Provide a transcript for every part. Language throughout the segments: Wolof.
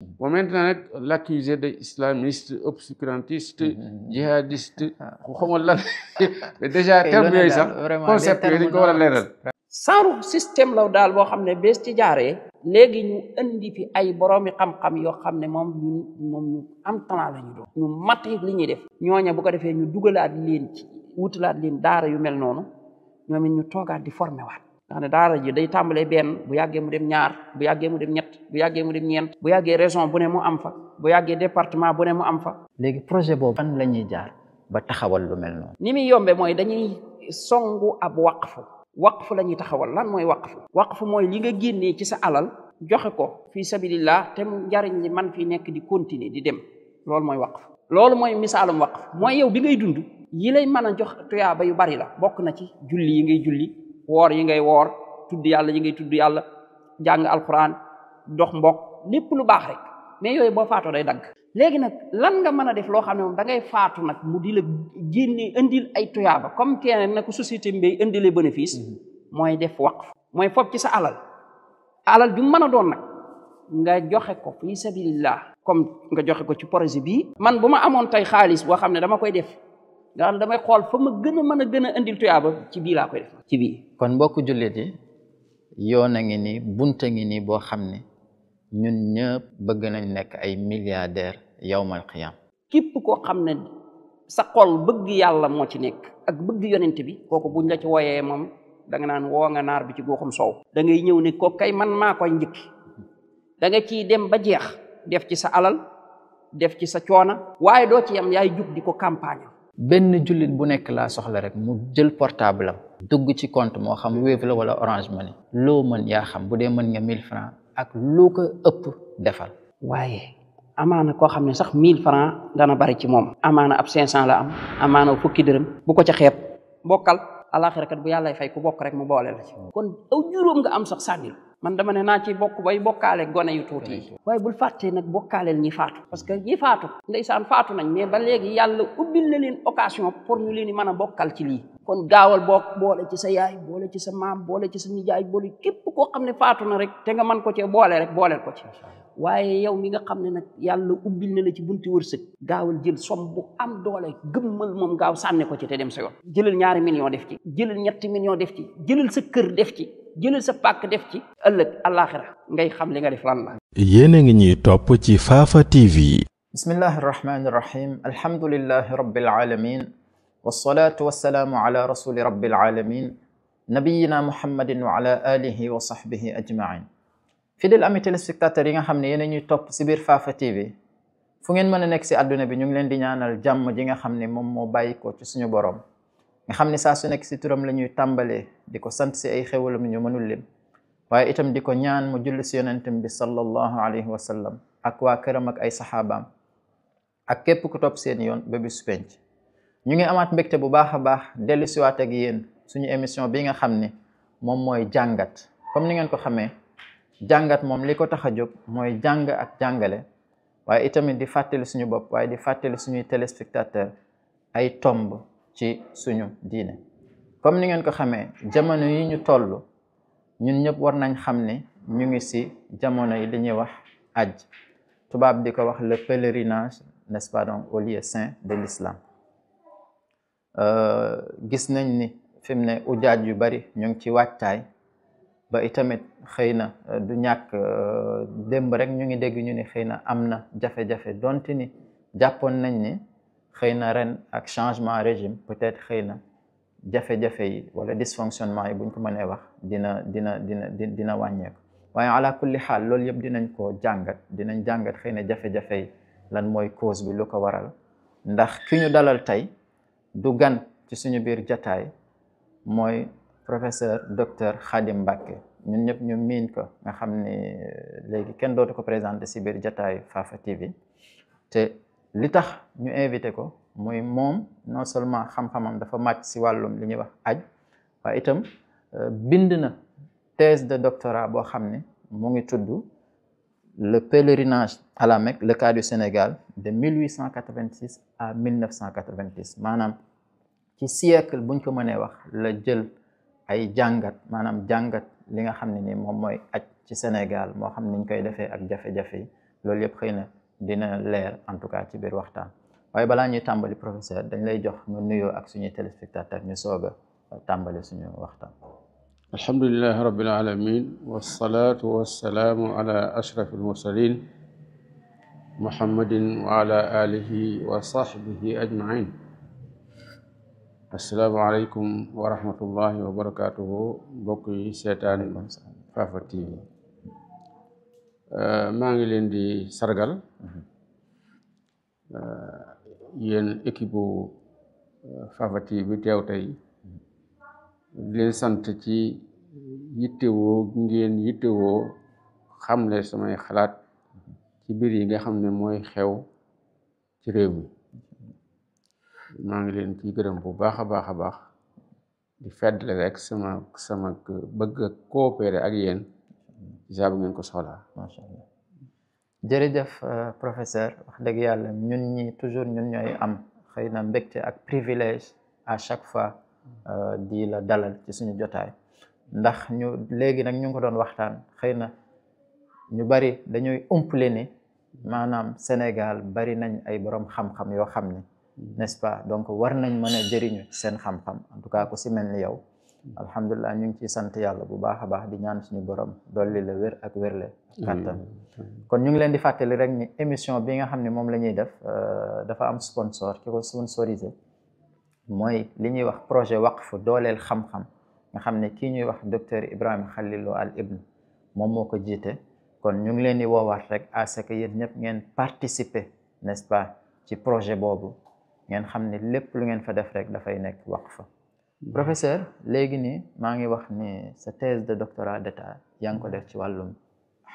bon maintenant nag l'accusé de islamiste obscurantiste mm-hmm. jihadiste ah. xamal la mais déjà eh, terme yooyu sax concept yooyu dañ ko leeral saaru système law daal boo xam ne bés ci jaaree léegi ñu indi fi ay boroomi xam-xam yoo xam ne moom ñun moom ñu am talent la ñu ñu mat li ñuy def ñooña bu ko defee ñu dugalaat leen ci wutalaat leen daara yu mel noonu ñoom ñu toogaat di formé waat nga xam ne daara ji day tàmbalee benn bu yàggee mu dem ñaar bu yàggee mu dem ñett bu yàggee mu dem ñeent bu yàggee région bu ne mu am fa bu yàggee département bu ne mu am fa léegi projet boobu fan la ñuy jaar ba taxawal lu mel noonu ni muy yombe mooy dañuy songu ab waqfu waqfu la ñuy taxawal lan mooy wax waqfu fu mooy li nga génnee ci sa alal joxe ko fii sabilillah te mu njariñ man fii nekk di continuer di dem loolu mooy waqfu loolu mooy misaalum waqf mooy yow bi ngay dund yi lay mën a jox tuyaaba yu bari la bokk na ci julli yi ngay julli woor yi ngay woor tudd yàlla yi ngay tudd yàlla jàng alquran dox mbokk lépp lu baax rek mais yooyu boo faatoo day dagg léegi nag lan nga mën a def loo xam ne moom da ngay faatu nag mu di la génne indil ay tuyaaba comme kenn nag ko société bi indile bénéfice mhm. mooy def waqf mooy fob ci sa alal alal ju mën a doon nag nga joxe ko fi sabilillah comme nga joxe ko ci projet bi man bu ma amoon tey xaalis boo xam ne dama koy def nga xam damay xool fa ma gën a mën a gën a indil tuyaaba ci bii ci bii kon mbokku jullit yi yoon a ngi nii bunta ngi nii boo xam ne ñun ñëpp bëgg nañ nekk ay milliardaire yawmal qiyaam képp ko xam ne sa xool bëgg yàlla moo ci nekk ak bëgg yonent bi kooku buñ la ci wooyee moom da naan woo nga naar bi ci goxum soow da ngay ñëw ne ko kay man maa koy njëkki danga nga dem ba jeex def ci sa alal def ci sa coona waaye doo ci yam yaay jug di ko campagne benn jullit bu nekk laa soxla rek mu jël portable am dugg ci compte moo xam Wave la wala orangement Money loo mën yaa xam bu dee mën nga 1000 francs ak loo ko ëpp defal waaye amaana koo xam ne sax 1000 francs dana bari ci moom amaana ab 500 la am amaana fukki dërëm bu ko ca xeep bokkal alaxira kat bu yàllay fay ku bokk rek mu boole kon aw juróom nga am sax sànnil man dama ne naa ci bokk bay bokkaale gone yu tuuti yi waaye bul fàttee nag bokkaaleel ñi faatu parce que ñi faatu ndeysaan faatu nañ mais ba léegi yàlla ubbil na leen occasion pour ñu leen di mën a bokkal ci lii kon gaawal bokk boole ci sa yaay boole ci sa maam boole ci sa nijaay boole képp koo xam ne faatu na rek te nga mën ko cee boole rek booleel ko ci waaye yow mi nga xam ne nag yàlla ubbil na la ci bunti wërsëg gaawal jël som bu am doole gëmmal moom gaaw sànni ko ci te dem sa yoon jëlal ñaari million def ci jëlal ñetti million def ci jëlal sa kër def ci jëlal sa pàkk def ci ëllëg àllaaxira ngay xam li nga def lan la yéen a ngi ñuy topp ci Fafa TV bismillahi irrahmani irrahim alhamdulilahi rabbil alamin wasalaatu wasalaamu ala rasuli rabbil alamin nabiyina muhammadin wa ala alihi wa sahbihi ajmain fidèle ami téléspectateurs yi nga xam ne yéen a ñuy topp ci biir Fafa TV fu ngeen mën a nekk si àdduna bi ñu ngi leen di ñaanal jàmm ji nga xam ne moom moo bàyyi ko ci suñu borom nga xam ne saa su nekk si turam la ñuy tàmbalee di ko sant si ay xewalam ñu mënul lim waaye itam di ko ñaan mu julli si yonentam bi sallallahu alayhi wa sallam ak waa këram ak ay saxaabaam ak képp ku topp seen yoon ba bis ñu ngi amaat mbégte bu baax a baax dellu siwaat ak yéen suñu émission bi nga xam ne moom mooy jàngat comme ni ngeen ko xamee jàngat moom li ko tax a jóg mooy jàng ak jàngale waaye itamit di fàttali suñu bopp waaye di fàttali suñuy téléspectateur ay tomb ci suñu diine comme ni ngeen ko xamee jamono yi ñu toll ñun ñëpp war nañ xam ne ñu ngi si jamono yi dañuy wax aj tubaab di ko wax le pèlerinage n'est-ce pas donc au lieu saint de l'islam euh, gis nañ ni fi mu ne ujaaj yu bari ñu ngi ci wàccaay ba itamit xëy na euh, du ñàkk euh, démb rek ñu ngi dégg ñu ni xëy na am na jafe-jafe donte ni jàppoon nañ ni xëy na ren ak changement régime peut-être xëy na jafe-jafe yi wala dysfonctionnement yi buñ ko mënee wax dina dina dina dina wàññeeku waaye ala kulli xaal loolu yëpp dinañ ko jàngat dinañ jàngat xëy na jafe-jafe yi lan mooy cause bi lu ko waral ndax ki dalal tey du gan ci suñu biir jataay mooy professeur docteur Khadim Mbacké ñun ñëpp ñu miin ko nga xam ni euh, léegi kenn dootu ko présenté si biir jataay Fafa TV li tax ñu invité ko mooy moom non seulement xam-xamam dafa màcc si wàllum li ñuy wax aj waaye itam euh, bind na thèse de doctorat boo xam ne mu ngi tudd le pèlerinage à la Mecque le cas du Sénégal de 1886 à 1990 maanaam ci siècle buñ ko mënee wax la jël ay jàngat maanaam jàngat li nga xam ne ni moom mooy aj ci Sénégal moo xam niñ koy defee ak jafe-jafe yi loolu yëpp xëy na dina leer en tout cas ci biir waxtaan waaye balaa ñuy tàmbali professeur dañ lay jox nga nuyoo ak suñuy téléspectateur ñu soog a suñu waxtaan alhamdulilahi rabbil alamin wassalaatu wassalaamu ala ashraf almursalin muhammadin wa ala seetaan Fafa uh, ngi leen di sargal Euh, yéen équipe bu euh, Fafa TV bi teew tey leen sant ci yittewoo ngeen yittewoo xamle samay xalaat ci biir yi nga xam ne mooy xew ci réew mi maa ngi leen ciy gërëm bu baax a baax a baax di feddle rek sama sama bëgg a coopérer ak yéen ci saa ngeen ko soxlaa. jërëjëf euh, professeur wax dëgg yàlla ñun ñi toujours ñun ñooy am xëy na mbégte ak privilège à chaque fois euh, di la dalal ci suñu jotaay ndax ñu léegi nag ñu ngi ko doon waxtaan xëy na ñu bari dañuy umpale ni maanaam Sénégal bari nañ ay borom xam-xam yoo xam ni n'est-ce pas donc war nañ mën a jëriñu seen xam-xam en tout cas ku si mel ni yow alhamdulilah ñu ngi ciy sant yàlla bu baax a baax di ñaan suñu borom dool dolli la wér ak wérle kàttan kon ñu ngi leen di fàttali rek ni émission bi nga xam ne moom la ñuy def euh, dafa am sponsor ki ko sponsorisé mooy li ñuy wax projet fu dooleel xam-xam nga xam ne kii ñuy wax docteur Ibrahima Khalilou Al moom moo ko jiite kon ñu ngi leen di woowaat rek à ce que yéen ñëpp ngeen participer nest ci projet boobu ngeen xam ne lépp lu ngeen fa def rek dafay nekk fa Hmm. professeur léegi ni maa ngi wax ni sa thèse de doctorat d'état yaa ngi ko hmm. def ci wàllum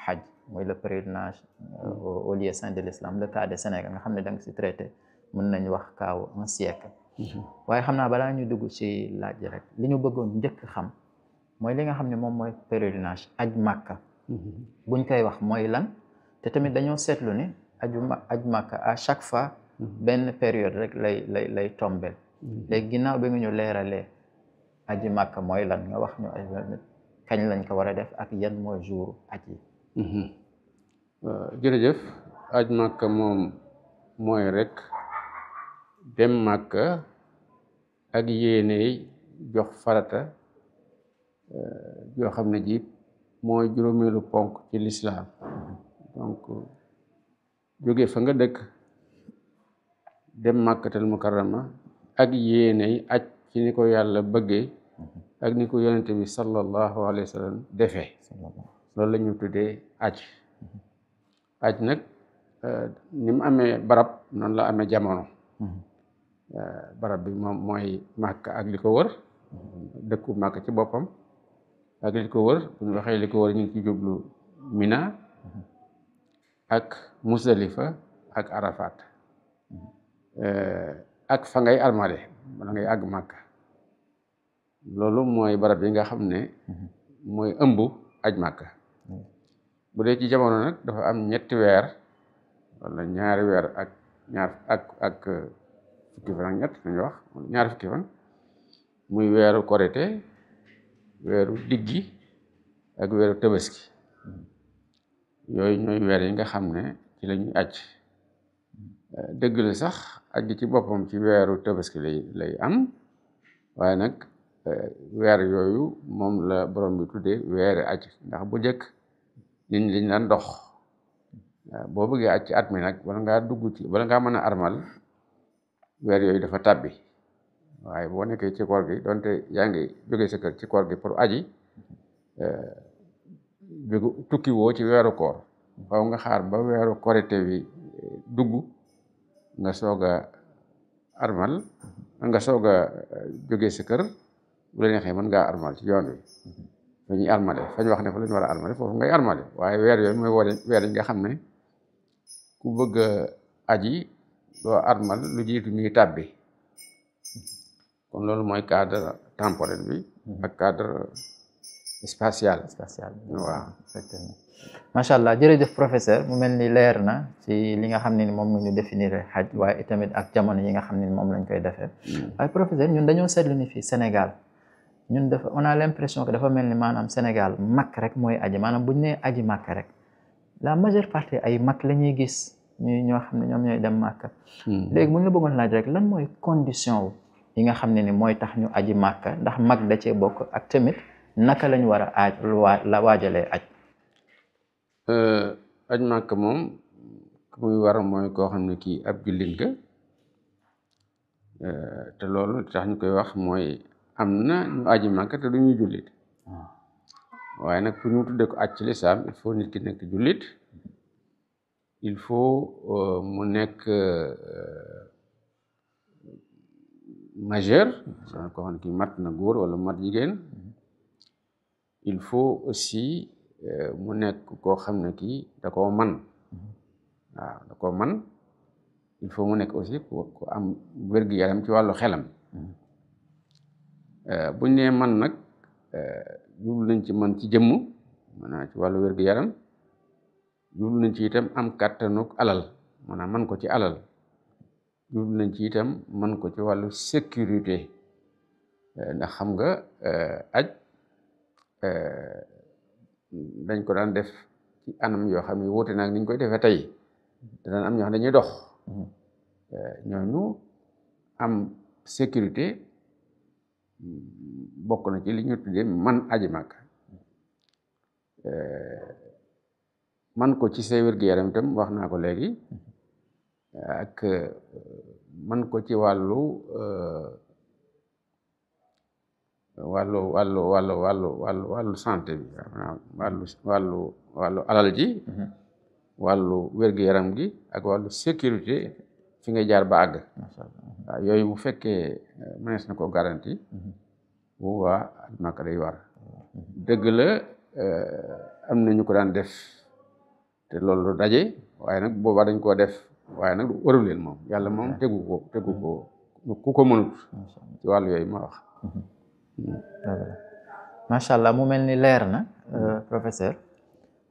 hajj mooy le pèlerinage euh, hmm. au lieu saint de l'islam le cas de Sénégal nga xam ne da nga si traité mën nañ wax kaaw un siècle waaye xam naa balaa ñu dugg si laaj rek li ñu bëggoon njëkk xam mooy li nga xam ne moom mooy périodinage aj màkka buñ koy wax mooy lan te tamit dañoo seetlu ni aju aj màkka à chaque fois benn période rek lay lay lay tombel léegi ginnaaw bi nga ñu leeralee aji màkk mooy lan nga wax ñu kañ lañ ko war a def ak yan mooy jour aj yi mhm. euh, jërëjëf aj màkk moom mooy rek dem màkk ak yéene jox farata euh, yoo xam ne ji mooy juróomeelu ponk ci lislaam donc jóge fa nga dëkk dem màkkatal mukarrama ak yéene aj ci ni ko yàlla bëggee ak ni ko yonente bi sallallahu alayhi wa sallam defee loolu la ñu tuddee aj aj nag euh, ni mu amee barab noonu la amee jamono euh, barab bi moom mooy màkk ak li ko wër dëkku màkk ci boppam ak li ko wër bu ñu waxee li ko wër ñu ngi ci jublu mina ak musdalifa ak arafat euh, ak fa ngay armale wala ngay àgg màkk loolu mooy barab yi nga xam ne mhm. mooy ëmb aj màkka bu dee ci jamono nag dafa am ñetti weer wala ñaari weer ak ñaar ak ak euh, fukki fan ñett nañu wax ñaari fukki fan muy weeru korite weeru diggi ak weeru tabaski mhm. yooyu ñooy weer yi nga xam ne ci mhm. la ñuy aj dëgg sax aj gi ci boppam ci weeru tabaski lay lay am waaye nag Eh, weer yooyu moom la borom bi tuddee weer aj ndax bu njëkk nit ñi dañ daan eh, boo bëggee aj ci at mi nag bala nga dugg ci bala ngaa mën a armal weer yooyu dafa tabbi waaye boo nekkee ci koor gi donte yaa ngi jógee sa ci koor gi pour aji eh, jógu tukki woo ci weeru koor faw nga xaar ba weeru korite wi dugg nga soog a armal nga soog a jógee sa kër bu la neexee mën ngaa armal ci yoon wi mm-hmm. wax ne fa lañ war a armale foofu ngay armale waaye weer yooyu mooy nga xam ne ku bëgg aji doo lu jiitu ñuy tàbbi mm-hmm. kon loolu mooy cadre temporel bi mm-hmm. ak cadre spatial spatial waaw effectivement macha jërëjëf professeur mu mel ni leer na si li nga xam ne ni moom nga ñu définir xaj waaye itamit ak jamono yi nga xam ne ni moom lañ koy defee mm. waaye professeur ñun dañoo seetlu ni fii Sénégal ñun dafa on a l'impression que dafa mel ni maanaam Sénégal mag rek mooy aji maanaam bu ñu nee aji màkk rek la majeure partie ay mag la ñuy gis ñuy ñoo xam ne ñoom ñooy dem màkk hmm. léegi bu ñu la bëggoon laaj rek lan mooy condition yi nga xam ne ni mooy tax ñu aji màkk ndax mag da cee bokk ak tamit naka lañ war a aaj la waajalee aj euh, aj màkk moom ku muy war mooy koo xam ne kii ab jullit nga euh, te loolu tax ñu koy wax mooy am na ñu aji màkka te du jullit ah. waaye nag pour ñu tuddee ko aj ci lislaam il faut nit nekk jullit il faut euh, mu nekk euh, majeur koo xam ne mat na góor wala mat jigéen mm-hmm. il faut aussi euh, mu nekk koo xam ne kii da ko man mm-hmm. waaw da koo man il faut mu nekk aussi ku am wér-gu-yaram ci wàllu xelam mm-hmm. Eh, buñ nee man nag eh, jublu nañ ci man ci jëmm maanaam ci wàllu wér yaram jublu nañ ci itam am kàttanuk alal maanaam man ko ci alal jublu nañ ci itam man ko ci wàllu sécurité eh, ndax xam nga aj dañ ko daan def ci anam yoo xam ne wóote naag ni ñu koy defee tey daan am ñoo xam dañuy dox mm-hmm. ñooñu am sécurité bokk na ci li ñu tuddee man aji màkk man ko ci sa wér-gu-yaram itam wax naa ko léegi ak e, man ko ci wàllu e, wàllu wàllu wàllu wàllu wàllu wàllu santé wàllu wàllu wàllu alal ji mhm. wàllu wér-gu-yaram gi ak wàllu sécurité fi nga jaar ba àgg waaw yooyu bu fekkee eh, mënees na koo garanti mhm. bu waa almaaka day war mhm. dëgg la eh, am na ñu ko daan def te loolu daje waaye nag booba dañ koo def waaye nag warul leen moom yàlla moom tegu ko tegu mhm. ko ku ko mënut ci wàllu yooyu ma wax mm. macha allah mu mel ni leer na mm. euh, professeur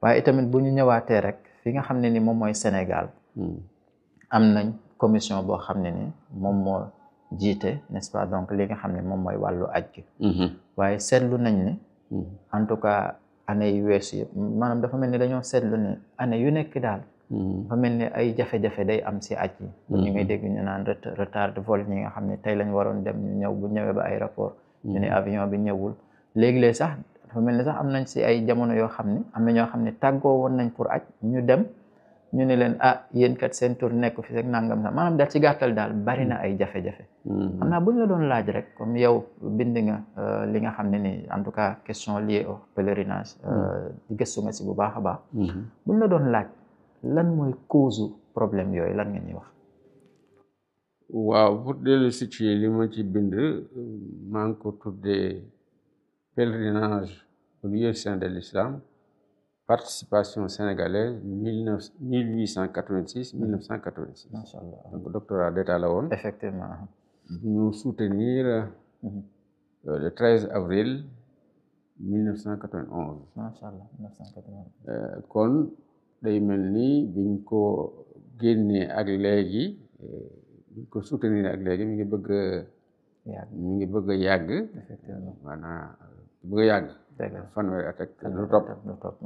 waaye itamit bu ñu ñëwaatee rek fi nga xam ne ni moom mooy Sénégal mm. am nañ commission boo xam ne ni moom moo jiite n'est-ce pas li nga xam ne moom mooy wàllu aj gi mm-hmm. waaye seetlu nañ ne mm-hmm. en tout cas année yu weesu maanaam dafa mel ni dañoo seetlu ne année yu nekk daal mm-hmm. dafa mel ni ay jafe-jafe day am si aj yi ñu ngi dégg ñu naan retard de vol ñi nga xam ne tey lañ waroon dem ñu ñëw bu ñëwee ba aéroport ñu ne avion bi ñëwul léegi-léeg sax dafa mel ni sax am ay jamono yoo xam ne am na xam ne tàggoo woon nañ pour aj ñu dem ñu ne leen ah yéen kat seen tur nekk fi rek nangam sax maanaam daal ci gàttal daal bari na mm. ay jafe-jafe. Mm-hmm. xam naa bu ñu doon laaj rek comme yow bind nga euh, li nga xam ne ni en tout cas question liée au pèlerinage. Euh, mm. gëstu nga si bu baax a baax. Mm-hmm. bu ñu la doon laaj lan mooy cause problème yooyu lan nga ñuy wax. waaw pour dellu si ci li ma ci bind maa ngi ko tuddee pèlerinage au lieu saint de l'islam participation sénégalaise mille neuf mille huit cent quatre vingt doctorat d'état la woon. effectivement. ñu soutenir. Euh, mhm. le treize avril. mille cent quatre-vingt-onze. Euh, kon day mel ni biñ ko génnee ak léegi euh, biñ ko soutenir ak léegi mi ngi bëgg a. mi ngi bëgg a yàgg. effectivement maanaam bëgg at ak lu topp.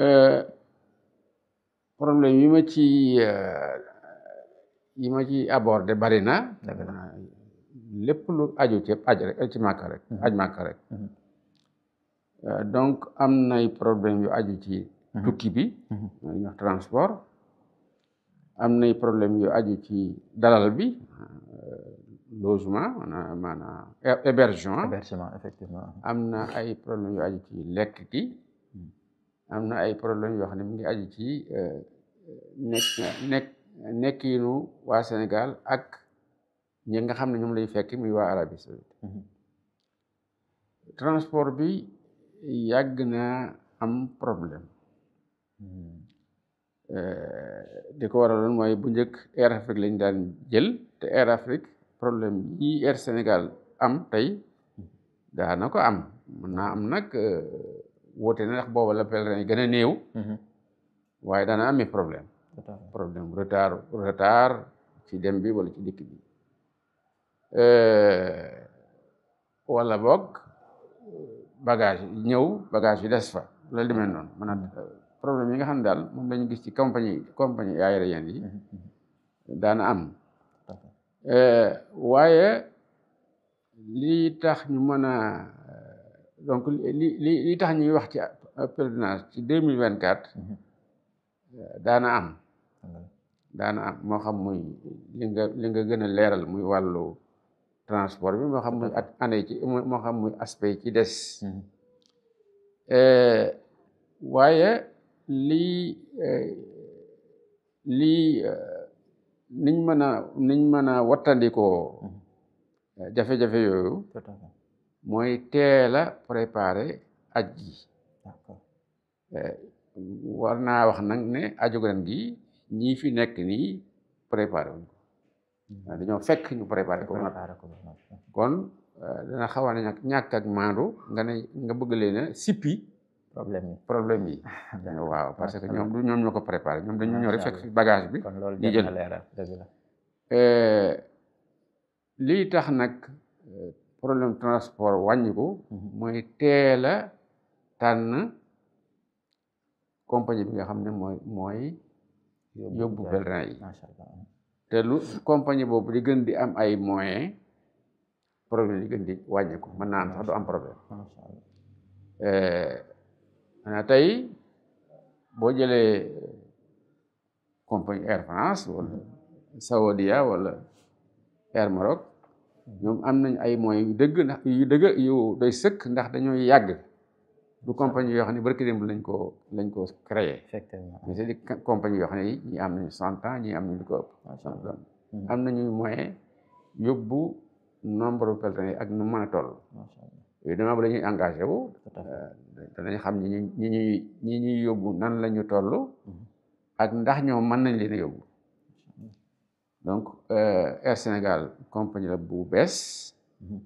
Euh, problème yi ma ci euh, yi ma ci abordé bari na lépp lu aju ci aj rek mhm. aj màkka rek mhm. euh, donc am nay problème yu aju ci mhm. tukki bi ñu transport am nay problème yu aju ci dalal bi logement maanaam hébergement effectivement am na ay problème yu aju ci lekk gi am na ay problème yoo xam ne mu ngi aju ci euh, nekk nekk waa Sénégal ak ñi nga xam ne ñoom lay fekk muy waa Arabie Saoudite mhm. transport bi yàgg na am problème mhm. euh, di ko waraloon mooy bu njëkk Air Afrique lañ daan jël te Air Afrique problème yi Air Sénégal am tey mhm. daana ko am mën am nag euh, wóote na ndax a la pèlerin yi gën a néew mhm. waaye daana amee problème problème retard ci dem bi wala ci dikk bi euh, wala boog bagage ñëw bagage yi des fa loolu demee noonu mhm. euh, problème yi nga xam ne daal moom lañu gis ci compagnie compagnie aérienne yi mhm, daana am euh, waaye li tax ñu mën a donc li li tax ñuy wax ci euh, pèlerinage ci deux mille vingt quatre mhm. euh, daana am daana am moo xam muy li nga li nga gën a leeral muy wàllu transport bi moo xam muy at ci aspect ci des mhm. euh, waaye lii lii niñ mën a niñ mën a wattandikoo mhm. jafe-jafe yooyu mooy teel a préparer eh, war naa wax nag ne aju ren gi ñii fi nekk nii préparé wuñ hmm. eh, dañoo fekk ñu préparé ko kon eh, dana xaw a ne ñàkk ak maandu nga ne nga bëgg leen a sippi problème yi problème yi waaw parce que ñoom du ñoom ñoo ko préparé ñoom dañu ñëw rek fekk fi bagage bi ñu jël lii tax nag problème transport wàññiku mhm. mooy teel a tànn compagnie bi nga xam ne mooy mooy yóbbu pèlerin yi te lu compagnie boobu di gën di am ay moyens problème di gën di wàññiku ma naa sax du am problème maanaam eh, tey boo jëlee compagnie Air France wala mhm. Saoudia wala Air Maroc ñoom am nañ ay moyens yu dëgg ndax yu dëgg yu doy sëkk ndax dañoo yàgg du compagnie yoo xam ne barki démb lañ ko lañ ko créé effectivement mais c'est des compagnie yoo xam ne ñi am nañu cent ans am nañu lu ko ëpp hmm. am nañu moyen yóbbu nombre pèlerin yi ak nu mën a toll évidemment bu dañuy engagé wu euh, danañ xam ñi ñu ñi ñuy yóbbu nan la ñu toll hmm. ak ndax ñoom mën nañ leen yóbbu donc euh, Air Sénégal compagnie la bu bees mhm.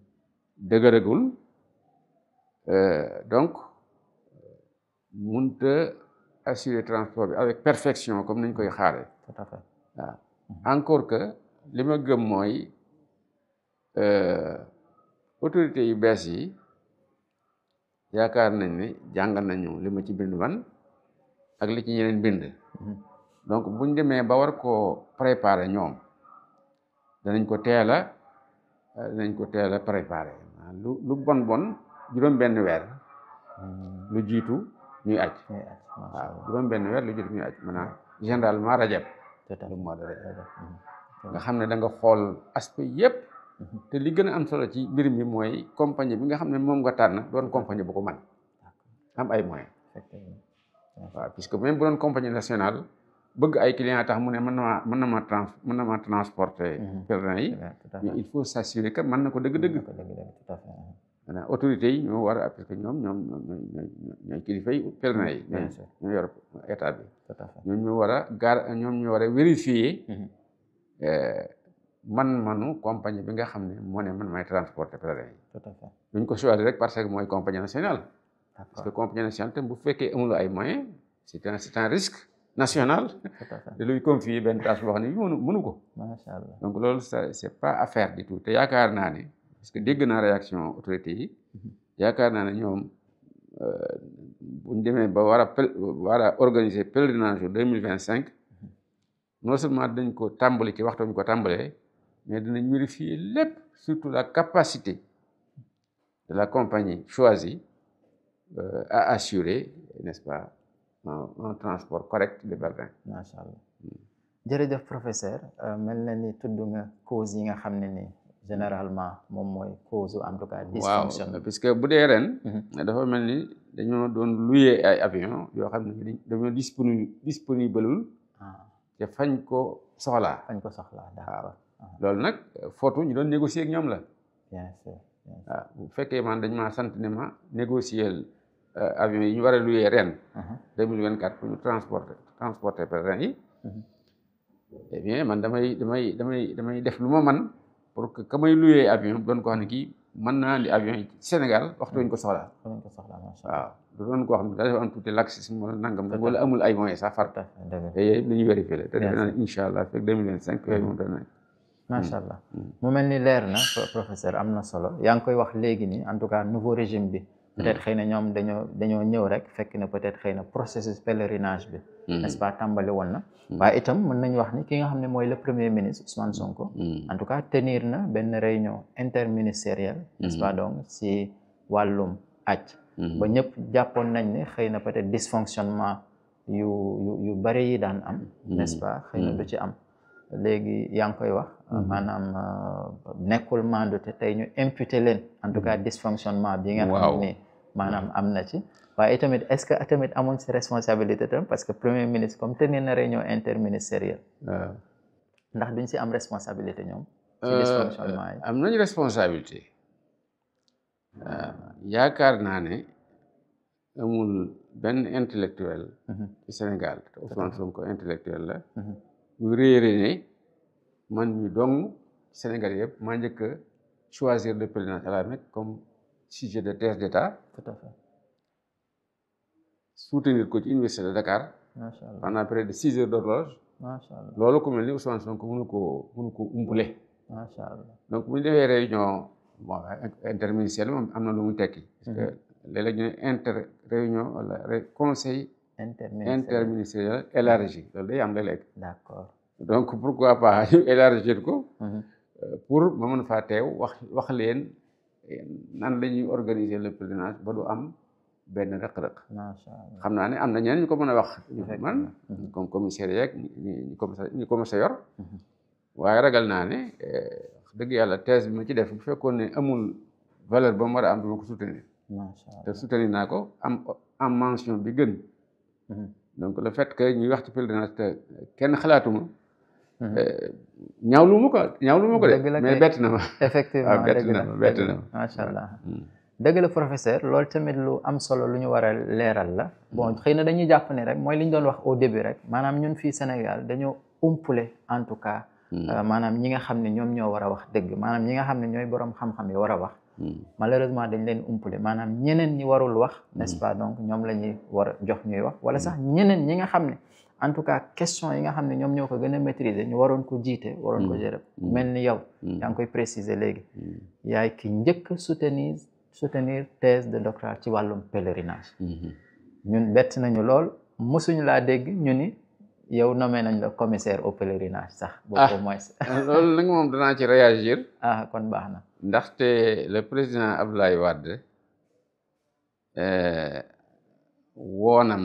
dëgërëgul euh, donc mënut a assurer transport bi avec perfection comme ni koy xaaree. tout mhm. encore que li ma gëm mooy euh, autorité yu bees yi yaakaar nañ ni jàngal nañu li ma ci bind man ak li ci ñeneen bind. Mhm. donc bu ñu demee ba war koo préparer ñoom. danañ ko teel a eh, danañ ko teel a préparé lu lu bon bon juróom benn weer hmm. lu jiitu ñuy aj waaw juróom benn weer lu jiitu ñuy aj maanaam hmm. généralement rajab lu mois de rajab hmm. nga xam ne da nga xool aspect yépp te li gën a am solo ci mbir mi mooy compagnie bi nga xam ne moom nga tànn doon compagnie bu ko man am ay moyens waaw puisque même bu doon compagnie nationale bëgg ay client tax mu ne man na maa mën na maa trans mën maa transporter. Mhm. pèlerins yi mais il faut s'assurer que mën na ko dëgg-dëgg. maanaam autorités yi ñoo war a parce que ñoom ñoom ñooy ñooy kilifa yi pèlerins yi. bien état bi. ñoom war a gar ñoom ñoo war a vérifier. Mhm. Euh, man-manu compagnie bi nga xam ne moo ne man may transporter pèlerins yi. duñ ko choisir rek parce que mooy compagnie nationale. parce que compagnie nationale tam bu fekkee amuloo ay moyens c'est un c'est national te luy confier benn tâche boo xam ne bi mënu mënu ko allah donc loolu c'est pas affaire du tout te yaakaar naa ne parce que dégg naa réaction autorité yi mhm. yaakaar naa ne ñoom euh, buñ demee ba war a organiser pèlerinage deux mille vingt cinq mhm. non seulement dañ ko tàmbali ci waxtu ñu ko tàmbalee mais dinañ vérifier lépp surtout la capacité de la compagnie choisie euh, à assurer n'est-ce pas un transport correct de pèlerin macha allah hmm. jërëjëf professeur euh, mel na ni tudd nga cause yi nga xam ne ni généralement moom mooy cause en tout cas dysfonction waaw parce que bu dee ren mhm. dafa mel ni dañoo doon luyee ay avion yoo xam ne dañoo disponible disponible ah. te fañ ko soxla fañ ko soxlaa d'accord ah. nag footu ñu doon négocier ak ñoom la bien sûr waaw man dañ maa sant ne Euh, avion yi ñu war a luyee ren. 2024 uh-huh. pour ñu transporter transporter pèlerin yi. Uh-huh. Eh man damay damay damay damay def lu ma man pour que ka may luyee avion doon ko xam ne kii mën naa li avion yi Sénégal waxtu ñu ko soxla waaw du doon koo xam ne dafa am tuuti laxisme wala nangam wala amul ay moyens sax far. yooyu yëpp dañuy vérifié la te defe naa allah fekk 2025 yooyu moom mm-hmm. dana. macha allah mm-hmm. mu mel ni leer na professeur am na solo yaa ngi koy wax léegi nii en tout cas nouveau régime bi. peut-être mm. xëy na ñoom dañoo dañoo ñëw rek fekk na peut-être xëy na processus pèlerinage bi. Mm. n'est-ce pas tàmbali woon na. Mm. waaye itam mën nañu wax ni ki nga xam ne mooy le premier ministre Ousmane Sonko. en tout cas tenir na benn réunion interministérielle. n'est-ce pas donc si wàllum aj ba ñëpp jàppoon nañ ne xëy na peut-être dysfonctionnement yu yu yu yi daan am. n'est-ce pas xëy ci am. léegi yaa ngi koy wax. maanaam euh, nekkul mandute tey ñu imputer leen. en tout cas dysfonctionnement bi ngeen xam maanaam hmm. am na ci waaye tamit est-ce que tamit amuñ si responsabilité tam parce que premier ministre comme tenir na réunion interministérielle ndax duñ si am responsabilité ñoom si euh, yi am nañ responsabilité euh, yaakaar naa ne amul benn intellectuel mhm. ci Sénégal te Ousmane Sonko intellectuel la mhm. bu réere ne man mi dong Sénégal yëpp maa njëkk a choisir le pèlerinage à la Mecque sujet de thèse d'État. tout à fait. soutenir ko ci université de Dakar. macha de six heures d'horloge. macha allah loolu ku mel ni Ousmane Sonko ko mënu ko umpule. macha allah donc bu ñu defee réunion bon interministériel moom am na lu mu tekki. parce que mhm. léeg-léeg ñu ne inter réunion wala conseil. interministériel interministériel élargi loolu day am léeg d'accord donc pourquoi pas ñu ko. Mhm. Euh, pour ma mën faa teew wax leen. nan la ñuy organiser le pèlerinage ba du am benn rëq-rëq. macha allah xam naa ne am na ñeneen ñu ko mën a wax. man mhm. comme commissaire yeeg ñu commissaire ñu yor. Mhm. waaye ragal naa ne eh, dëgg yàlla thèse bi ma ci def bu fekkoon ne amul valeur ba mu war a am du ma ko soutenir. te soutenir naa ko am am mention bi gën. Mhm. donc le fait que ñuy wax ci pèlerinage te kenn xalaatuma. ñaawlu mu ko ñaawlu mu ko de. mais bett na ma effectivement bett na ma bett na ma macha allah. dëgg la professeur loolu tamit lu am solo lu ñu war a leeral la bon xëy na dañuy jàpp ne rek mooy li ñu doon wax au début rek maanaam ñun fii Sénégal dañoo umpule en tout cas maanaam ñi nga xam ne ñoom ñoo war a wax dëgg maanaam ñi nga xam ne ñooy borom xam-xam yi war a wax malheureusement dañ leen umpule maanaam ñeneen ñi warul wax n'est-ce pas donc ñoom la ñuy war a jox ñuy wax wala sax ñeneen ñi nga xam ne en tout cas question yi nga xam ne ñoom ñoo ko gën a maîtriser ñu waroon ko jiite waroon ko mm. gérer mm. mel ni yow mm. yaa ngi koy préciser léegi yaay ki njëkk soutenir soutenir thèse de doctorat ci wàllum pèlerinage mm-hmm. ñun bett nañu lool mosuñu laa dégg ñu ni yow nommé nañ la commissaire au pèlerinage sax boobu ah. au moins loolu nag moom danaa ci réagir ah, kon baax na ndaxte le président Abdoulaye Wade euh, woona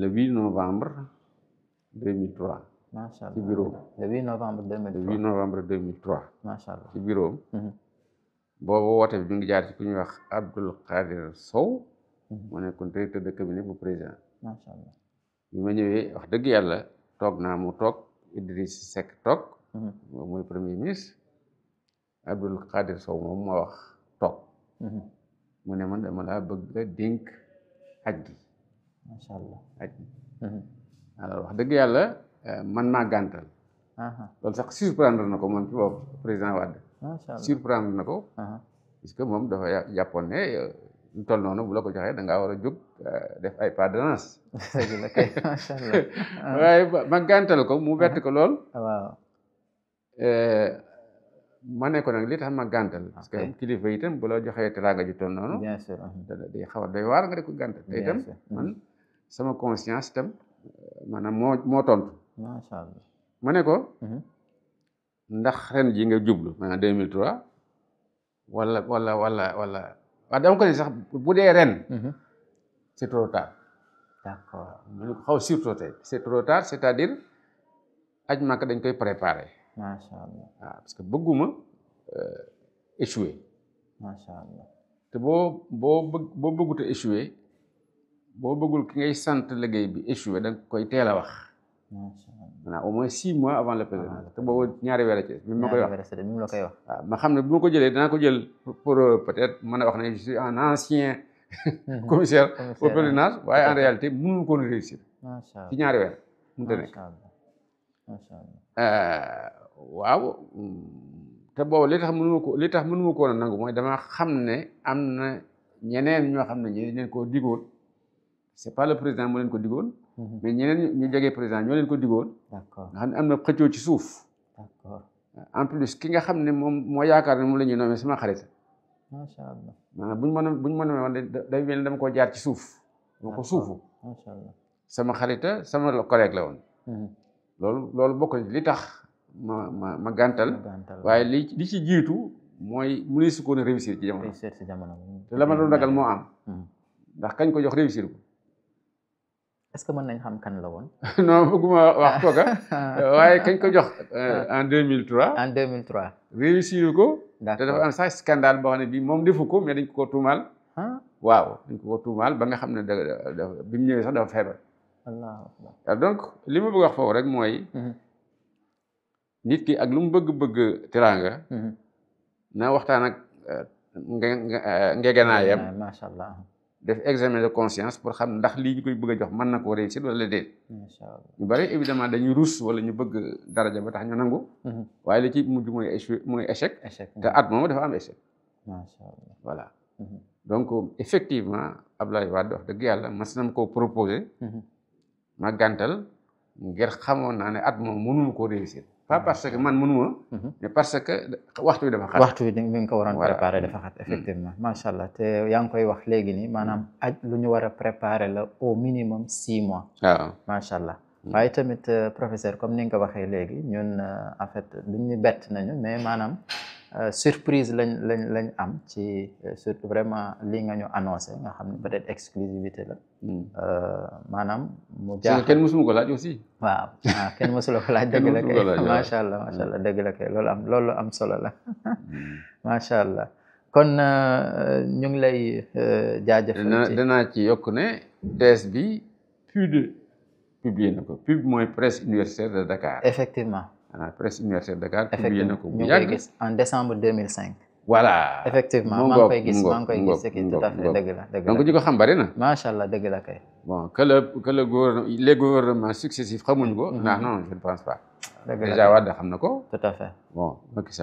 le 8 novembre 2003. macha allah ci bureau le 8 novembre 2003 le 8 novembre 2003. macha allah ci bureau am. Mhm. boobu woote bi mu ngi jaar ci ku ñuy wax Abdoul Khadir Sow. Mhm. mu nekkoon directeur de cabinet bu président. macha allah bi ma ñëwee wax dëgg yàlla toog naa mu toog Idriss Seck toog. Mhm. moom mooy premier ministre. Abdoul Khadir Sow moom moo wax toog. mu ne man dama laa bëgg a dénk aj gi. macha ak mhm. wax dëgg yàlla euh, man naa gàntal. loolu sax surprendre na ko moom ci boobu président Wade. macha allah na ko. puisque moom dafa jàppoon ne euh, lu toll noonu bu la ko joxee da ngaa war a jóg euh, def ay pas de waaye ma gàntal ko mu bett ko lool. waaw. ma ne ko nag li tax ma gàntal. parce que kilifa itam bu la joxee teraanga ju toll noonu. bien sûr day xaw a doy waar nga di ko gàntal. te itam sama conscience itam euh, maanaam moo moo tontu. macha allah ma ne ko. Mhm. ndax ren ji nga jublu maanaam 2003 wala walla walla wala waaw dama ko sax bu dee ren. Mhm. c'est trop tard. xaw surtout tey c'est trop tard dire aj Màkka dañ koy préparer. macha allah ah, parce que bëgguma euh, échouer. macha allah te boo boo bëgg échouer boo bëggul ki ngay sant liggéey bi échoué da nga koy teel a wax. macha allah moins six mois avant le président te boobu ñaari weer ma koy wax ñaari weer la koy ma xam ne bu ma ko jëlee danaa ko jël pour euh, peut-être mën a wax na je suis un ancien. commissaire au pèlerinage waaye en réalité mënul ko réussir. ci ñaari weer mënut a nekk. macha allah euh, waaw. te boobu li tax mënuma ko li koo nangu mooy dama xam ne am na ñeneen ñoo xam ne ñi dañ leen koo digoon. c'est pas le président moo leen ko digoon. Mhm. mais ñu jege président ñoo leen ko digoon. d'accord nga xam ne am na xëccoo ci suuf. en plus ki nga xam ne moom moo yaakaar ne moom la ñu nommé sama xarit. macha allah maanaam bu ñu mën bu ñu mën a day mel ni dama koo jaar ci suuf. dama ko suufu. macha sama xarita sama collègue la woon. Mhm. loolu loolu bokk na li tax ma ma ma gàntal. waaye li li ci jiitu mooy mu ne su ko réussir ci jamono. te la ma doon ragal moo am. Mhm. ndax kañ ko jox réussir ko. est-ce que mën nañ xam kan la woon. non bëgguma wax kooka. waaye kañ ko jox. Euh, ah. en 2003. en 2003. réussir ko. d'accord te dafa am sax scandale boo xam ne bii moom defu ko mais dañ ko tuumaal. Ah. waaw dañ ko tuumaal ba nga xam ne da bi mu ñëwee sax dafa feebar. waaw ah, donc li ma bëgg wax foofu rek mooy. Mhm. nit ki ak lu mu bëgg-bëgg teraanga mhm. na waxtaan ak euh, nge euh, ngegenaayam macha allah def examen de conscience pour xam ndax lii ñu koy bëgg a jox mën na koo réussir wala déet. macha allah ñu bari évidemment dañuy ruus wala ñu bëgg daraja ba tax ñu nangu. Mhm. waaye li ci mujj mooy échec mooy échec. te at moom dafa am échec. macha allah voilà. Mhm. donc effectivement Abdoulaye waa wax dëgg yàlla mas na ma koo proposé. Mhm. ma gàntal ngir xamoon naa ne at moom mënul koo réussir. pas parce que man mënuma. Mhm. mais parce que waxtu bi dafa xat. waxtu bi mi ngi ko waroon préparer dafa xat mm. effectivement macha allah te yaa ngi koy wax léegi nii maanaam mm. aj lu ñu war a préparer la au minimum six mois. waaw macha mm. waaye tamit euh, professeur comme ni nga ko waxee léegi ñun euh, en fait duñu bett nañu mais maanaam. Euh, surprise lañ lañ lañ am ci euh, surtout vraiment lii nga ñu annoncé nga xam ne hmm. euh, maanaam mu jaaxal kenn mësuma ko laaj aussi waaw ah, kenn mësula ko laaj dëgg la kay allah macha allah dëgg loolu am am solo la hmm. macha allah kon ñu ngi lay jaajëfal ci danaa ci yokk ne thèse bi PUD e publié na ko PUD e mooy presse de Dakar effectivement ah presse université de Dakar. publié na ko bu yàgg ñu koy gis en décembre 2005. voilà effectivement maa ngi koy gis maa ngi koy gis c'est tout à fait dëgg la dëgg la donc ñi ko xam bari na. macha allah dëgg la kay. bon que le que le gouvernement les gouvernements successifs xamuñ ko. Mm-hmm. non non je ne pense pas. dëgg la xam na ko. tout à fait bon Macky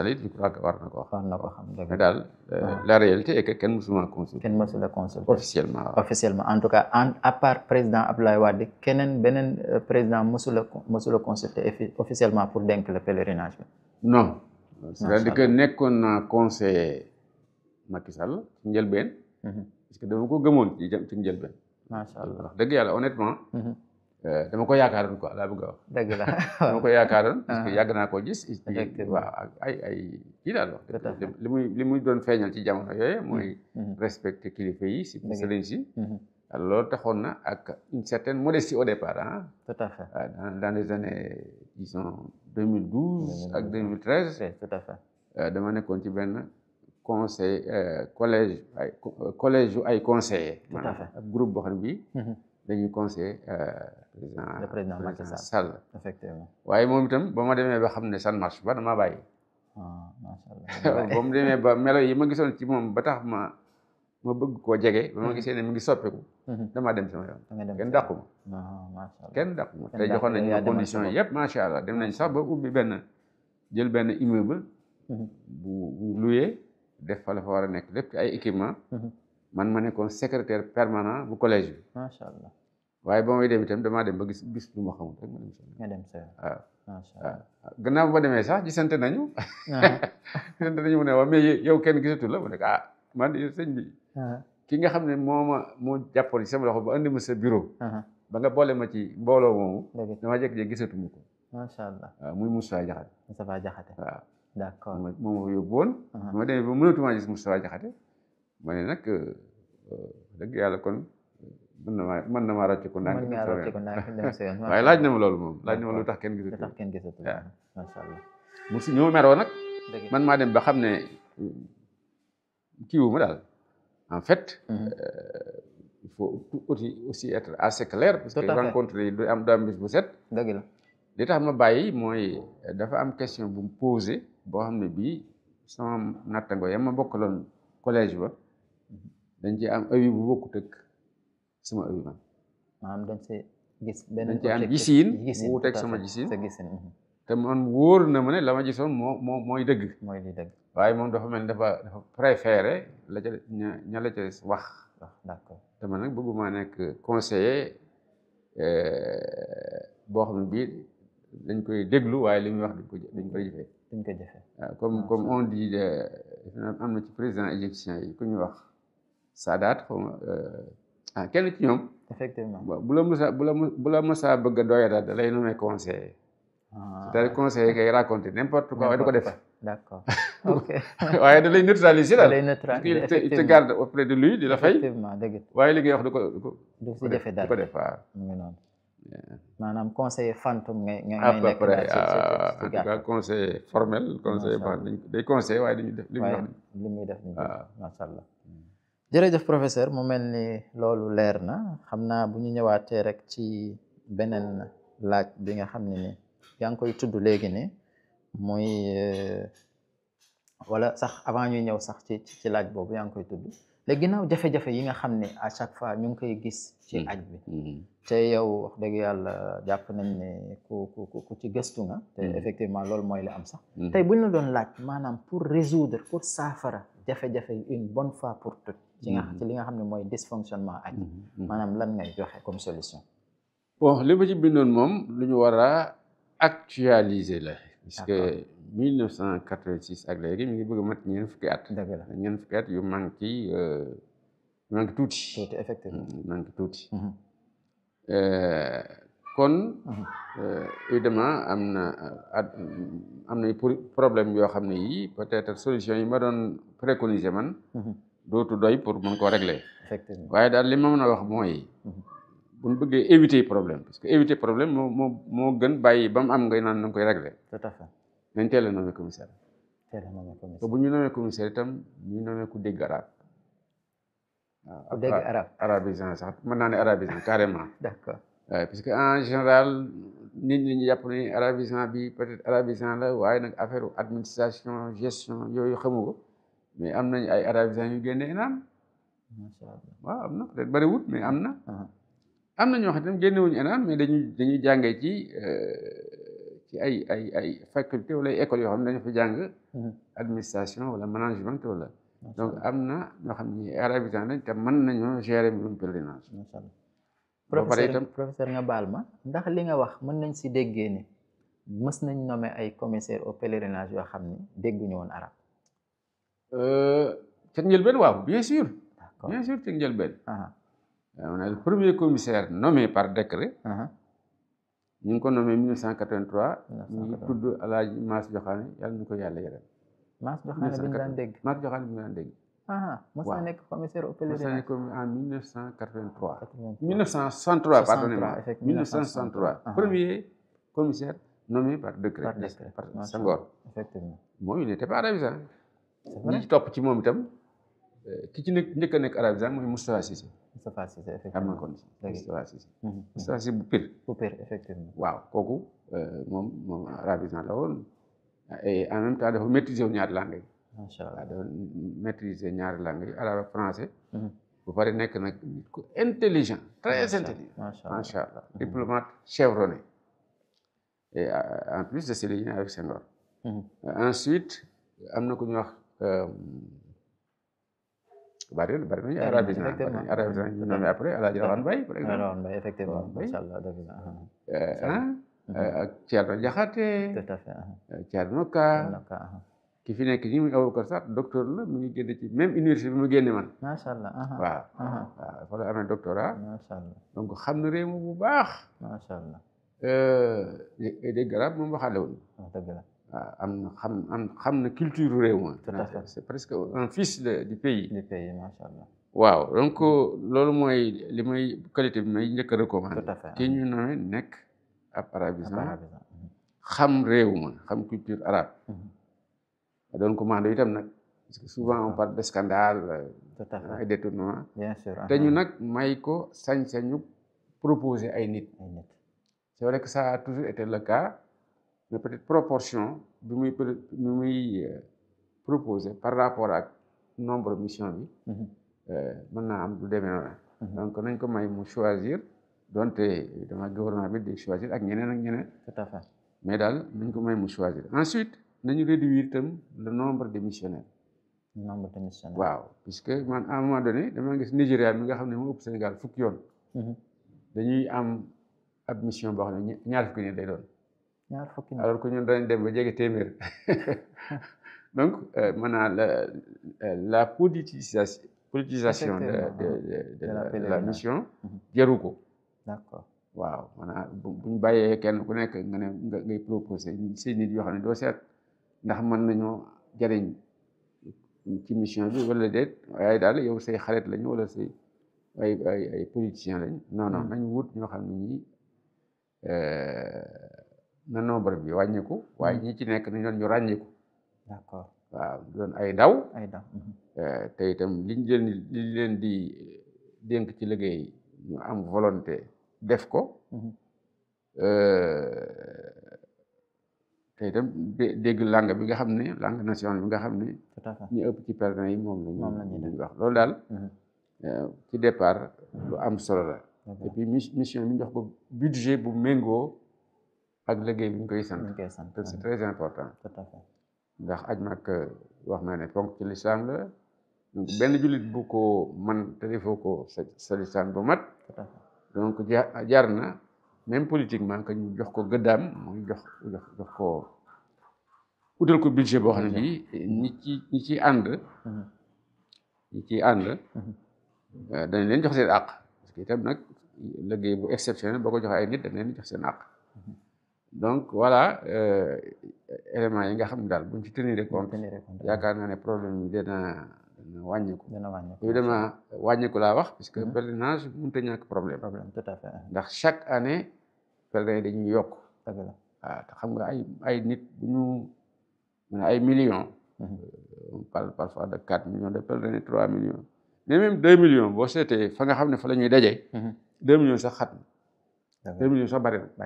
war na ko. war na ko xam dëgg la euh, réalité est kenn mësul ma consulter. kenn mësul la consulter officiellement waaw. officiellement en tout cas en à part président Abdoulaye Wade keneen beneen euh, président mësul la mësul la officiellement pour dénk le pèlerinage bi. non. c'est-à-dire que nekkoon naa conseiller Macky Sall ci njëlbeen. parce mhm. que dama ko gëmoon ci njëlbeen. macha allah honnêtement. Mhm. Eh, dama ko yaakaaroon quoi laa bëgg a wax. la ko yaakaaroon. Ah. yàgg naa koo gis. waaw ay ay kii daal wax. li muy li muy doon feeñal ci jamono yooyu hmm. mooy. Hmm. Hmm. respecter kilifa yi si sëriñ si. Ah, loolu taxoon na ak une certaine modestie au départ ah. tout à fait ah, dans dans les années disons ak deux mille treize. Eh, dama nekkoon ci benn. conseil eh, collège ay collège yu ay conseillers. ak groupe boo xam ne bii. conseiller. Ah, le président Macky Sall effectivement waaye moom itam boo ma demee ba xam ne ça ne marche pas damaa bàyyi. Ah, macha mu demee ba melo yi ma gisoon ci moom ba tax ma bëgg koo jege. ba ma mhm. gisee ne mu ngi soppeeku. Mhm. damaa dem sama yoon. Ah, kenn dàqu ma. kenn dàqu ma te joxoon nañu condition yëpp macha allah dem nañ sax ba ubbi benn jël benn immeuble. Mhm. bu bu def fa la fa war a nekk lépp ci ay équipement. man ma nekkoon secrétaire permanent bu collège bi. macha waaye ba may dem itam damaa dem ba gis bis lu ma xamul dem seen. nga dem seen demee sax gisante nañu. Uh-huh. gisante nañu mu ne yow kenn gisatul la mu ne ah sëñ bi. Uh-huh. ki nga xam ne moo moo jàppoon ci sama loxo ba andi mu sa bureau. Uh-huh. ba nga boole ma ci mbooloo moomu. dëgg dama jékki-jékki gisatuma ko. macha allah muy Moustapha Diakhaté. Moustapha Diakhaté waaw. d' ma demee ba mënatuma gis ne nag euh, euh, dëgg yàlla kon. mën na maa mën na maa rocc ku ndànk. mën ngaa rocc ku ndànk dem sa yoon. waaye laaj na ma loolu moom laaj na ma lu tax kenn gisatu. lu tax allah. mu si ñoo a nag. man maa dem ba xam ne kii wu daal fait. Mhm. Euh, il faut aussi être assez clair. parce am du am bu set. dëgg la li tax ma bàyyi mooy dafa am question bu mu boo xam ne bii sama nattango ya ma bokkaloon collège ba mhm. dañ ci am avis bu bokkut ak. suma ëpp man. maanaam dañ see gis benn dañ see am gisiin mu teg sama gisiin mhm. te man wóor na ma ne la ma gisoon moo moo mooy dëgg. mooy li dëgg waaye moom dafa mel ni dafa dafa préféré la ca ña ña la ca wax. d'accord te man nag bëgguma nekk conseiller euh, boo xam ne bii dañ koy déglu waaye li muy wax dañ ko dañ koy jëfee. dañ koy jëfee waaw am na ci président égyptien yi ku ñu wax Sadat ah kenn ci ñoom. effectivement waaw bu la mësa bu la bu la mësa bëgg a doyee daal da lay nommé conseiller. Ah. c'est-à-dire conseiller kay raconter waaye du ko def. d'accord waaye da lay neutraliser daal da lay neutraliser effectivement te de lui di la fay. effectivement waaye li ngay wax du ko du ko. du si defee daal du mu ngi noonu maanaam conseiller fantôme ngay ngay nekk. à peu près en tout cas conseiller formel. conseiller baax day conseiller waaye dañuy def li muy def. waaw li def macha allah. jërëjëf professeur mu mel ni loolu leer na xam naa bu ñu ñëwaatee rek ci beneen laaj bi nga xam ne ni yaa ngi koy tudd léegi ni muy euh, wala sax avant ñuy ñëw sax ci ci laaj boobu yaa ngi koy tudd léegi ginnaaw jafe-jafe yi nga xam ne à chaque fois ñu ngi koy gis. ci hmm. aj bi. Hmm. te yow wax dëgg yàlla jàpp nañ ne ku ku ci gëstu nga. te hmm. effectivement loolu mooy li am sax. tey buñ la doon laaj maanaam pour résoudre pour saafara jafe-jafe yi une bonne fois pour toutes. ci nga ci li nga xam ne mooy dysfonctionnement aj maanaam lan ngay joxe comme solution. bon li ma ci bindoon lu ñu war actualiser la. parce que cent puisque 1986 ak léegi mi ngi bëgg a mat ñeent fukki at. dëgg la ñeent fukki at yu manqué euh, manqué tuuti. tuuti man mm, manqué tuuti. Mhm. Euh, kon. Mhm. Euh, évidemment am na mm, am na problème yoo xam ne yii peut-être solution yi ma doon préconiser man. Mhm. dootu doy pour mën koo régler. effectivement waaye daal li ma mën a wax mooy. bu ñu bëggee éviter problème parce que éviter problème moo moo moo gën bàyyi ba mu am ngay naan na koy régler. tout à fait nañ teel a nommé commissaire. teel a bu ñu nommé commissaire tam ñu nommé ku dégg arab. ku dégg sax mën naa ne arabisant carrément. d'accord parce que en général nit ñu ñu jàpp ne arabisant bi peut-être arabisant la waaye nag affaire administration gestion yooyu xamu ko mais am nañ ay arabisant yu génnee naan. waaw am na peut-être am na. Uh-huh. am na ñoo xam ne génne wuñu ENAM dañuy dañuy jàngee ci euh, ci ay ay ay faculté wala ay écoles yoo xam ne dañu fa jàng. Mhm. administration wala management wala. donc am na ñoo xam ne arabisant lañ te mën nañoo gérer mbirum pèlerinage. macha allah nga baal ma ndax li nga wax mën nañ si déggee ni mës nañ nommé ay commissaire au pèlerinage yoo xam ni dégguñu woon arab. Euh, ca njëlbeen waaw bien sûr. bien sûr ca njëlbeen. a le premier commissaire nommé par décret. ñu ngi ko nommé 1983. 1983 ñu ngi tudd El Hadj Mass Joxaane yàlla na ko yàlla yere Mass Joxaane bi ñu daan dégg Mass Joxaane bi ñu daan dégg. ah mos na nekk commissaire au pèlerinage. mos na nekk en 1983. 1963 pardonnez-moi 1963. premier commissaire nommé par décret. par décret par Senghor. effectivement moom il n'était pas ñi ci topp ci moom itam. Euh, ki ci nekk njëkk a nekk arab sax mooy Moustapha Cissé. Moustapha Cissé effectivement am mhm. bu Pire. waaw kooku euh, moom moom la woon et en même temps dafa maîtriser wu ñaari langues yi. macha allah dafa maîtriser ñaari langues yi arabe ak français. Mhm. bu pare nekk nag nit intelligent. très intelligent macha allah mhm. diplomate chevronné. et euh, en plus de se lier avec ensuite am na ku wax. bari bari nañu ay ravissement effectivement ravissement ñu nommé après El Hadj Rawane Mbaye par exemple Rawane Mbaye effectivement macha allah dëgg la ak Thierno Diakhaté tout à fait Thierno Ka ki fi nekk ñi muy Aboubacar Sarr docteur la mu ngi génne ci même université bi mu génne man macha allah waaw waaw fa la amee doctorat macha allah donc xam na réew mi bu baax macha allah eh, dégg garab moom waxaale woon ah, dëgg la Euh, am na xam xam na culture réew ma c'est presque un fils de du pays du waaw donc loolu mooy li may qualité bi may njëkk a recommandé ki ñu nowe nekk ab arabisant xam réew ma xam culture arabe mhm. doon commando itam nag parce que souvent on parle de scandale euh, ay détournement bien uh-huh. nag may ko sañ-sañu proposer ay nit c'est vrai que toujours été le cas mais être proportion bi muy peut-être bi muy euh, proposé par rapport ak nombre mission bi mhm. euh, mën naa am du demee noonu mhm. donc nañ ko may mu choisir donte évidemment gouvernement bi di choisir ak ñeneen ak ñeneen tout mais daal nañ ko may mu choisir ensuite nañu réduire itam le nombre de missionnaires nombre de missionnaires waaw puisque man à un moment donné dama gis Nigéria mi nga xam ne moo ëpp Sénégal fukki yoon mhm. dañuy am ab mission boo xam ne ñaar fukki nit day doon ñaar fukki alors que ñun dem ba jege téeméer donc euh, maanaam la euh, la politisation. politisation de la mission. Mhm. jaru ko. d'accord waaw maanaam bu ñu bàyyee kenn ku nekk nga ne ngay proposé si nit yoo xam ne doo seet ndax mën nañoo jariñ ci mission bi wala déet waaye daal yow say xarit lañu wala say ay ay ay politiciens lañu non non mhm. nañ wut ñoo xam ne euh, na nombre bi wàññiku waaye mm. ñi ci nekk nañu doon ñu ràññiku. d'accord waaw doon ay ndaw. ay ndaw mhm. eh, te itam liñ leen li leen di dénk ci liggéey ñu am volonté def ko. Mhm. Eh, te itam dégg langue bi nga xam ne langue nationale bi nga xam ne. ñu ëpp ci pèlerin yi moom la ñu. wax loolu daal. Mhm. Eh, ci départ lu am solo la. et puis mission bi ñu jox ko budget bu méngoo. ak liggéey biñ koy sant. te c'est très important. tout ndax aj nag euh, wax naa ne ponk ci lislaam la benn jullit bu ko man te defoo ko sa sa lislaam bu mat. donc jaar na même politiquement que ñu jox ko gëddaam mooy jox jox jox ko utal ko budget boo xam ne bii ñi ci ñi ciy ànd. Mm-hmm. ñi ciy ànd. Mm-hmm. Euh, dañ leen jox seen àq parce que itam nag liggéey bu exceptionnel boo ko joxee ay nit dañ leen jox seen àq. Mm-hmm. donc voilà euh, éléments yi nga xam daal bu ci tenir compte yaakaar naa ne problème yi dana dana wàññiku évidemment wàññiku laa wax parce que mm-hmm. pèlerinage mënut a ñàkk problème tout ndax chaque année pèlerin yi dañuy yokk waaw ah, xam nga ay ay nit bu ñu ay millions mm-hmm. euh, on parle parfois de quatre millions de pèlerins trois millions mais même deux millions boo seetee fa nga xam ne fa la ñuy dajee mm-hmm. deux millions sax xat bari na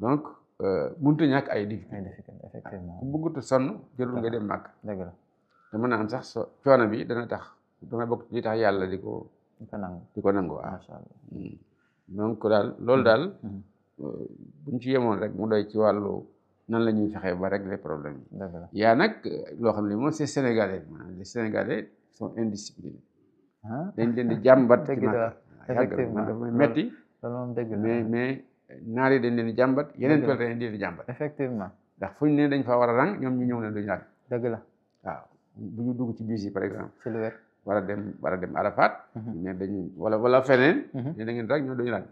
donc euh, mënut a ñàkk ay difficulté effectivement ku bëggut a sonn nga dem màkk dëgg la te mën naa am sax so coono bi dana tax dana bokk li tax yàlla di ko di ko nangu di ko nangu waaw mm. donc daal loolu daal mm. Mm. Euh, buñ ci yemoon rek mu doy ci wàllu nan la ñuy fexee ba régler problème yaa nag euh, loo xam li moom c'est sénégalais maanaam les sénégalais sont ah. dañ leen di jàmbat ci metti mais naar yi dañ leen jàmbat yeneen pèlerin yi di jàmbat effectivement ndax fuñ ne dañ fa war a rang ñoom ñu ñëw ne duñ laaj dëgg la waaw bu ñu dugg ci biis yi par exemple ci lu wér war a dem war a dem Arafat mhm. ne dañu wala wala feneen mhm. ne ngeen rang ñoom duñu laaj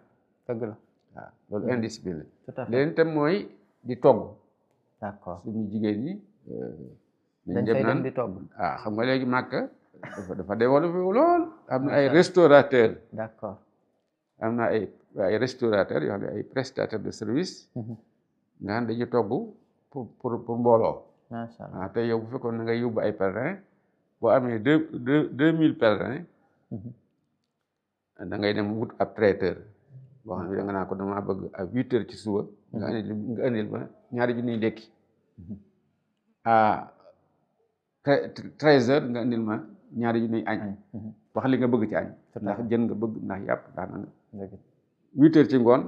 la waaw loolu indiscipline la leneen tam mooy di togg d'accord suñu jigéen ñi euh, dañ dem naan di togg ah xam nga léegi màkka dafa dafa développé lool am na ay restaurateur d'accord am na ay waaye restaurateur yoo xam ne ay prestataire de service mm-hmm. nga dañuy togg pour pour pour mbooloo macha allah ah, te bu fekkoon na nga yóbbu ay pèlerins boo amee deux deux deux mille mm-hmm. ngay dem wut ab traiteur boo xam ne da naa ko damaa bëgg à huit ci suba nga mm-hmm. andil nga andil ma ñaari junniy ndékki à treize nga andil ma ñaari junniy añ wax li nga bëgg ci añ ndax jën nga bëgg ndax yàpp ndax nanga huit ci ngoon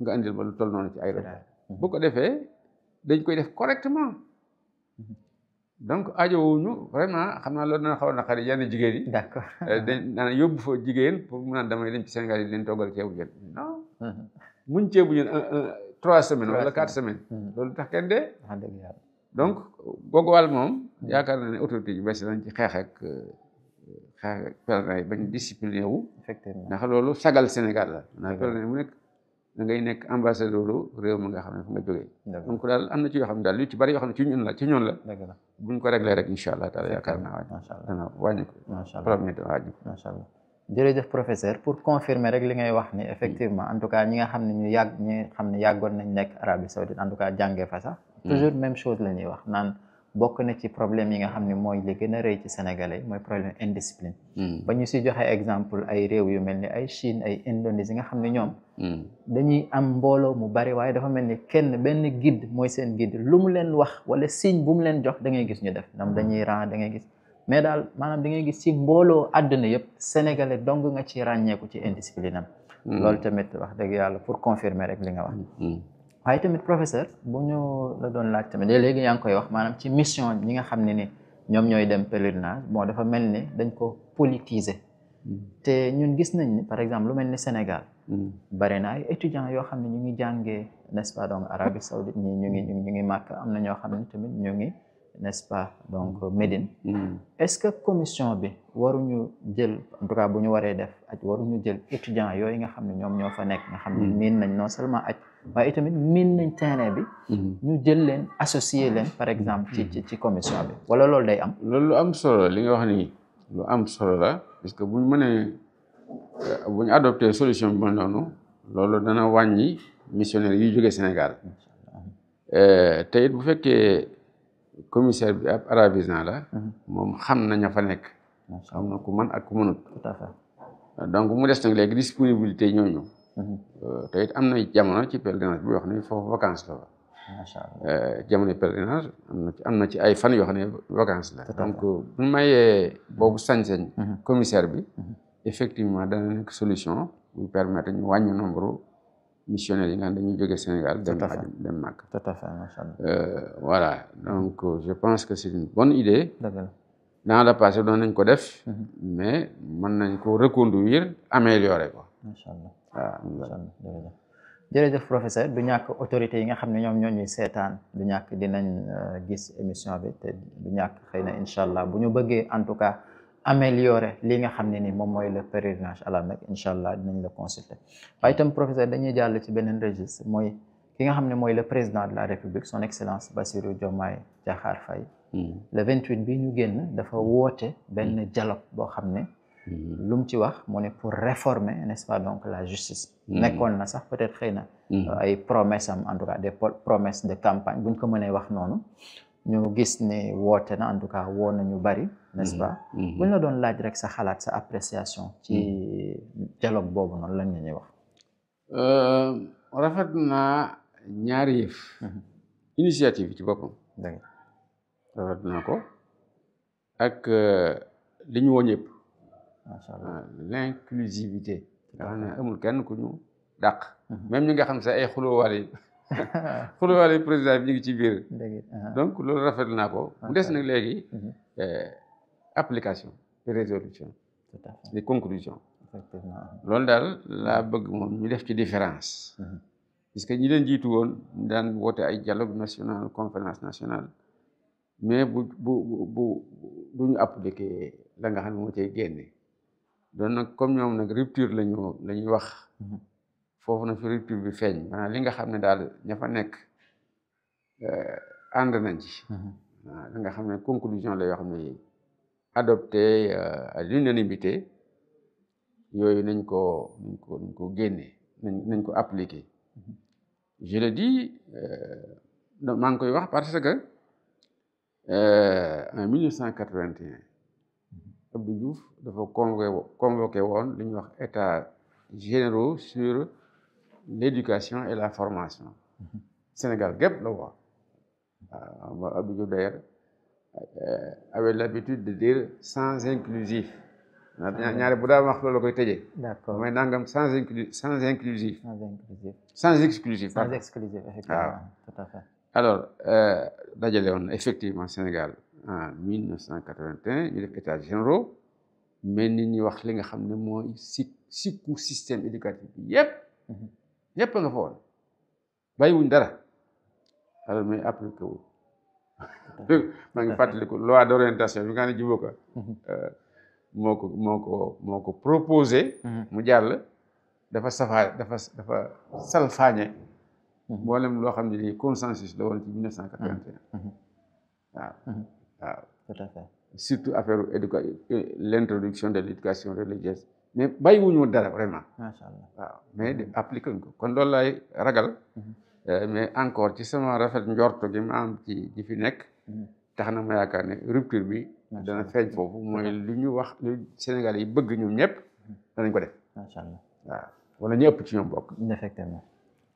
nga andil ma lu toll noonu ci ay repas mhm. bu ko defee dañ koy def correctement mhm. donc ajowuñu vraiment xam naa loolu na xaw na naqari yenn jigéen yi. d'accord eh, dañ naan yóbbu fa jigéen pour mu naan damay lañ ci Sénégal yi leen toggal ceebu jën non mhm. muñ ceebu jën trois semaines wala quatre semaines loolu tax kenn dee donc googu wàll moom yaakaar na ne autorité yi bees nañ ci xeex euh, pèlerin yi bañ hmm. discipliné wu ndax loolu sagal Sénégal la ndax pèlerin mu nekk da ngay nekk ambassadeur réew mi nga xam ne fu nga jógee donc daal am na ci yoo xam ne daal bari yoo ci ñun la ci ñun professeur pour confirmer rek li ngay wax ni effectivement en tout cas ñi nga xam ne ñu yàgg ñi xam nañ nekk Arabie Saoudite en tout cas jàngee fa sax hmm. toujours même chose la wax bokk na ci problème yi nga xam ne mooy li gën a rëy ci sénégalais mooy problème indiscipline hmm. ba ñu si joxe exemple ay réew yu mel ni ay Chine ay Indonésie nga xam ne ñoom hmm. dañuy am mbooloo mu bari waaye dafa mel ni kenn benn guide mooy seen guide lu mu leen wax wala signe bu leen jox da ngay gis ñu def nam dañuy hmm. ran da ngay gis mais daal maanaam da ngay gis ci mbooloo àdduna yëpp sénégalais dong nga ci ràññeeku ci indiscipline am loolu tamit wax dëgg yàlla pour confirmer rek li nga wax waaye tamit professeur bu ñu la doon laaj tamit léegi yaa ngi koy wax maanaam ci mission ñi nga xam ne ni ñoom ñooy dem pèlerinage moo dafa mel ni dañ ko politiser mm. te ñun gis nañ ni par exemple lu mel ni Sénégal mm. bari na ay yoo xam ne ñu ngi jàngee n'est-ce pas donc Arabie ñu ngi ñu ngi màkk am na ñoo xam ne tamit ñu ngi n'est-ce pas mm. Médine est-ce que commission bi waruñu jël en tout cas bu ñu waree def aj waruñu jël étudiants yooyu nga xam ne ñoom ñoo fa nekk nga xam ne miin nañ no seulement aj waaye itamit miin nañ terrain bi. Mhm. ñu jël leen associer leen par exemple ci ci ci commission bi wala lool day am. loolu lu am solo la li nga wax nii lu am solo la parce que euh, bu ñu mënee bu ñu adopté solution bi ma noonu loolu dana wàññi missionnaire yuy jógee Sénégal euh, te it bu fekkee commissaire bi ab arabisant la. Mhm. moom xam na ña fa nekk. xam na ku mën ak ku donc mu des nag léegi disponibilité ñooñu. Euh, te am na jamono ci pèlerinage bi wax ne foofu vacance la. macha allah euh, jamono pèlerinage am na ci am na ci ay fan yoo xam ne vacance la. donc bu mayee boobu sañ-sañ. Mhm. commissaire bi. Mhm. effectivement dana nekk solution. bu permettre ñu wàññi nombre missionnaires yi nga xam dañuy jógee Sénégal. dem dem Màkk. tout à fait euh, voilà donc je pense que c' est une bonne idée. dans le passé doon nañ ko def. Mhm. mais mën nañ ko reconduire améliorer ko. macha allah. waaw ah, jërëjëf professeur du ñàkk autorités yi nga xam ne ñoom ñoo ñuy seetaan du ñàkk dinañ euh, gis émission bi te du ñàkk xëy na incha allah bu ñu bëggee en tout cas améliorer li nga xam ne ni moom mooy le pèlerinage à la Mecque allah dinañ la consulter waaye itam professeur dañuy jàll ci beneen registre mooy ki nga xam ne mooy le président de la république son excellence Bassirou Diomaye Diakhar Faye hmm. le 28 bi ñu génn dafa woote benn dialogue boo xam ne Mhm. lu mu ci wax mu ne pour réformer n'est-ce pas donc la justice mhm. nekkoon na sax peut-être xëy na mhm. euh, ay promesses am en tout cas des promesses de campagne buñ ko mënee wax noonu ñu gis ni woote na en tout cas woo nañu bari n'est-ce pas buñ la doon laaj rek sa xalaat sa appréciation ci dialogue boobu noonu lan nga ñuy wax euh, rafet naa ñaari yëf initiative ci boppam rafet naa ko ak euh, li woo ñëpp macha allah ah, l'inclusivité. nga xam ne amul kenn ku ñu dàq. Mhm. même ñi nga xam sax ay xulóowaale yi xulóowaale président bi ñu ngi ci biir. donc loolu rafet naa ko. mu des nag léegi mhm. eh, application et résolution. des conclusions. loolu daal laa mhm. bëgg moom ñu def ci différence. parce que ñi leen jiitu woon daan woote ay dialogue national conférence nationale mais bu bu bu bu ñu appliqué la nga xam moo cay génne. doon nag comme ñoom nag rupture lañu la ñuy wax mhm. foofu na fi rupture bi feeñ maanaam li nga xam ne daal ña fa nekk eh, ànd nañ ci mhm. li nga xam ne conclusion la yoo xam ne yi adopté euh, à l'unanimité yooyu nañ ko nañ ko nañ ko génnee nañ nañ ko appliqué mhm. je le dis euh, maa ngi koy wax parce que euh, en 1981 Abdou Diouf dafa convoqué convoqué woon li ñuy wax état généraux sur l'éducation et la formation mhm. Sénégal gépp la wax waaw Abdou Diouf d'ailleurs euh, l'habitude de dire sans inclusif ñaare bu daal wax loolu la koy tëjee d'accord mais nangam sans inclu inclusif sans inclusif sans exclusif alors euh, dajale woon effectivement Sénégal en 1981 ñu def états généraux mais nit ñi wax li nga xam ne mooy si sikku système éducatif yépp mhm. ñépp a nga fa woon bàyyiwuñ dara alors mais appliqué wu maa ngi fàttaliku loi d'orientation bi nga xam ne jubóo mhm. euh, ko moo ko moo ko moo proposé mhm. mu jàll dafa safaa dafa dafa salfaañe mboolem loo xam ne lii consensus la woon ci waaw waaw ah. tout surtout affaire éduca euh, l' de l' éducation religieuse mais bàyyiwuñu woon dara vraiment macha allah waaw ah, mais di appliqué ko kon loolu laay ragal mm-hmm. euh, mais encore ci sama rafet njorto gi ma am ci ji fi nekk mm-hmm. tax na ma yaakaar ne rupture bi dana feeñ foofu mooy lu ñu wax lu Sénégal yi bëgg ñoom ñëpp mm-hmm. danañ ko def macha allah waaw ah. wala ñëpp ci ñoom mbokk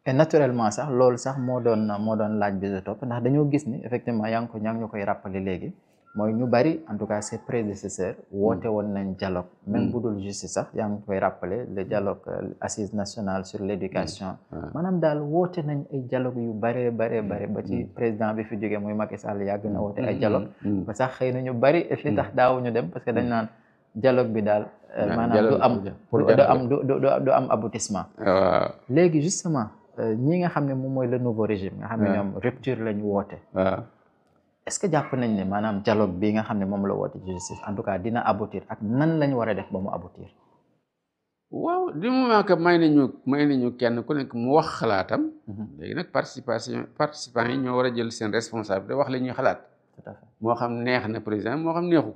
et naturellement sax loolu sax moo doon moo doon laaj bi sa topp ndax dañoo gis ni effectivement yaa ngi koy rappeler léegi mooy ñu bari en tout cas ses prédécesseurs woote hmm. woon nañ dialogue même hmm. bu dul justice sax yaa ngi koy rappale le hmm. dialogue euh, assise nationale sur l'éducation maanaam daal woote nañ ay dialogue yu bare bare bare ba ci président bi fi jógee muy i Sall yàgg na woote ay dialogue ba sax xëy na ñu bari et li daawuñu dem parce que dañ naan dialogue bi daal euh, maanaam du am du am du am aboutissement léegi justement ñi nga xam ne moom mooy la nouveau régime nga xam ne ñoom rupture lañ woote est-ce que jàpp nañ ne maanaam dialogue bi nga xam ne moom la woote ci justice en tout cas dina aboutir ak nan lañu war a def ba mu aboutir waaw du moment que nañu may nañu kenn ku nekk mu wax xalaatam mhm. léegi nag participation participants yi ñoo war a jël seen responsabilité wax la ñuy xalaat moo xam neex na président moo xam neexu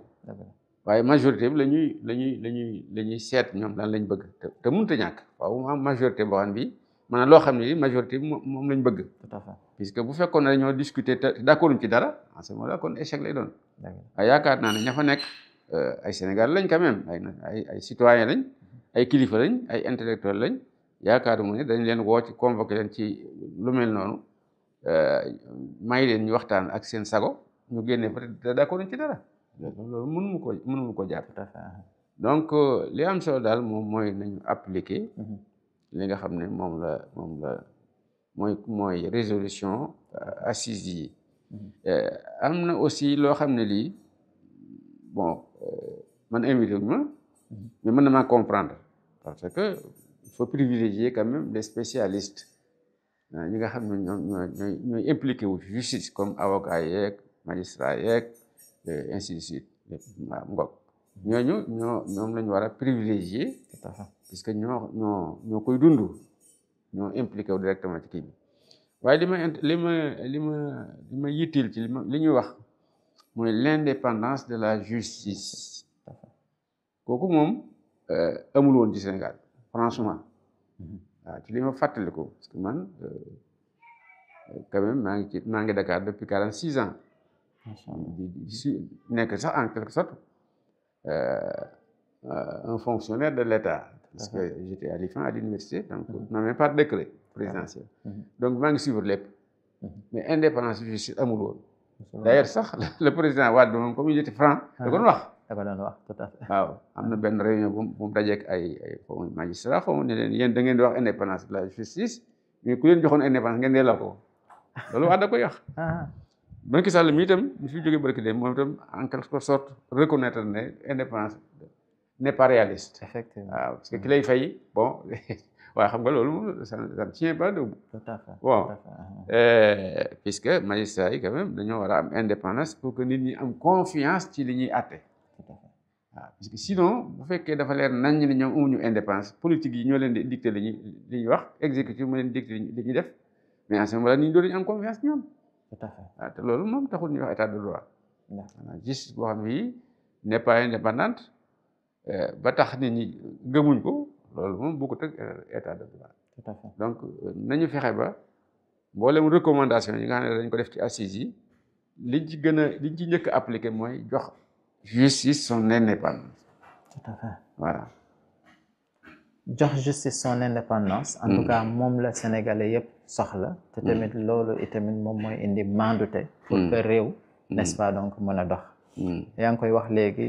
waaye majorité bi la ñuy la ñuy la ñuy la ñuy seet ñoom lan lañ bëgg te mënut a ñàkk waaw am majorité boo xam bi maanaam loo xam ne li majorité moom lañ bëgg. tout à fait puisque bu fekkoon ne ñoo discuter te d'accorduñ ci dara en ce moment là kon échec doon. yaakaar naa ne ña fa nekk euh, ay Sénégal lañ quand même ay ay ay lañ ay kilifa lañ ay intellectuel lañ yaakaar yaakaaruma ne dañ leen woo ci convoqué leen ci lu mel noonu euh, may leen ñu waxtaan ak seen sago ñu génnee peut-être d'accorduñ ci dara loolu mënu mu ko mënu donc euh, li am solo daal moom mooy nañu appliquer. Mm-hmm. li nga xam ne moom la moom la mooy mooy résolution euh, assise yi mm-hmm. euh, am na aussi loo xam ne lii bon euh, man invité ma mm-hmm. mais mën na maa comprendre parce que il faut privilégier quand même les spécialistes ñi nga xam ne ñoom ñooy ñooy wu justice comme avocat yeeg magistrat yeeg ainsi de suite ñooñu ñoo ñoom lañu ñu war a privilégier. parce que ñoo ñoo ñoo koy dund ñoo impliqué wu directement ci kii bi waaye li ma li ma li ma li ma yitteel ci li ma li ñuy wax mooy l'indépendance de la justice. kooku moom euh, amul woon ci Sénégal franchement. Mhm. waaw ci li ma fàttaliku parce que man euh, quand même maa ngi ci maa ngi Dakar depuis quarante six ans. nekk sax en quelque sorte. Euh, euh, un fonctionnaire de l'État. parce que j'étais à l'IFAN à l'université donc mhm. par décret ah. présidentiel. Mhm. donc maa ngi suivre lépp. Mhm. mais indépendance bi justice amul woon. sax le président Wade moom comme il était franc. da ko doon wax. Ah, waaw am na benn réunion bu mu bu mu dajeeg ay ay magistrat foofu ne leen yéen da ngeen di wax indépendance la justice mais ku leen joxoon indépendance ngeen delloo ko loolu Wade koy wax. Ah. Macky Sall mi itam mu fi jógee barki dem moom itam en quelque sorte reconnaître ne indépendance n'est par réaliste. effectivement waaw parce que ki lay fay bon waaye xam nga loolu ça ne tient pas debout. tout à fait bon uh-huh. euh, puisque magistrat dañoo war a am indépendance pour que nit ñi am confiance ci li ñuy àtte. waaw parce que sinon bu fekkee dafa leer nañ ni ñoom amuñu indépendance politique yi ñoo leen di dicté li ñuy li wax exécutif moo leen dicté li ñuy def mais en ce moment là nit ñi am confiance ñoom. tout ah, loolu moom taxul ñuy wax état de droit. maanaam justice boo xam ne n'est pas indépendante euh, ba tax nit ñi gëmuñ ko loolu moom bokkut ak état de droit. donc euh, nañu fexe ba mboolem recommandation yi nga xam ne dañ ko def ci assises yi liñ ci gën a liñ ci njëkk a appliqué mooy jox justice son indépendance. tout à jox justice son indépendance en tout mm. cas moom la sénégalais yëpp soxla te mm. tamit loolu itamit moom mooy indi mandute pour mm. que réew n'est-ce pas donc mën a dox yaa ngi koy wax léegi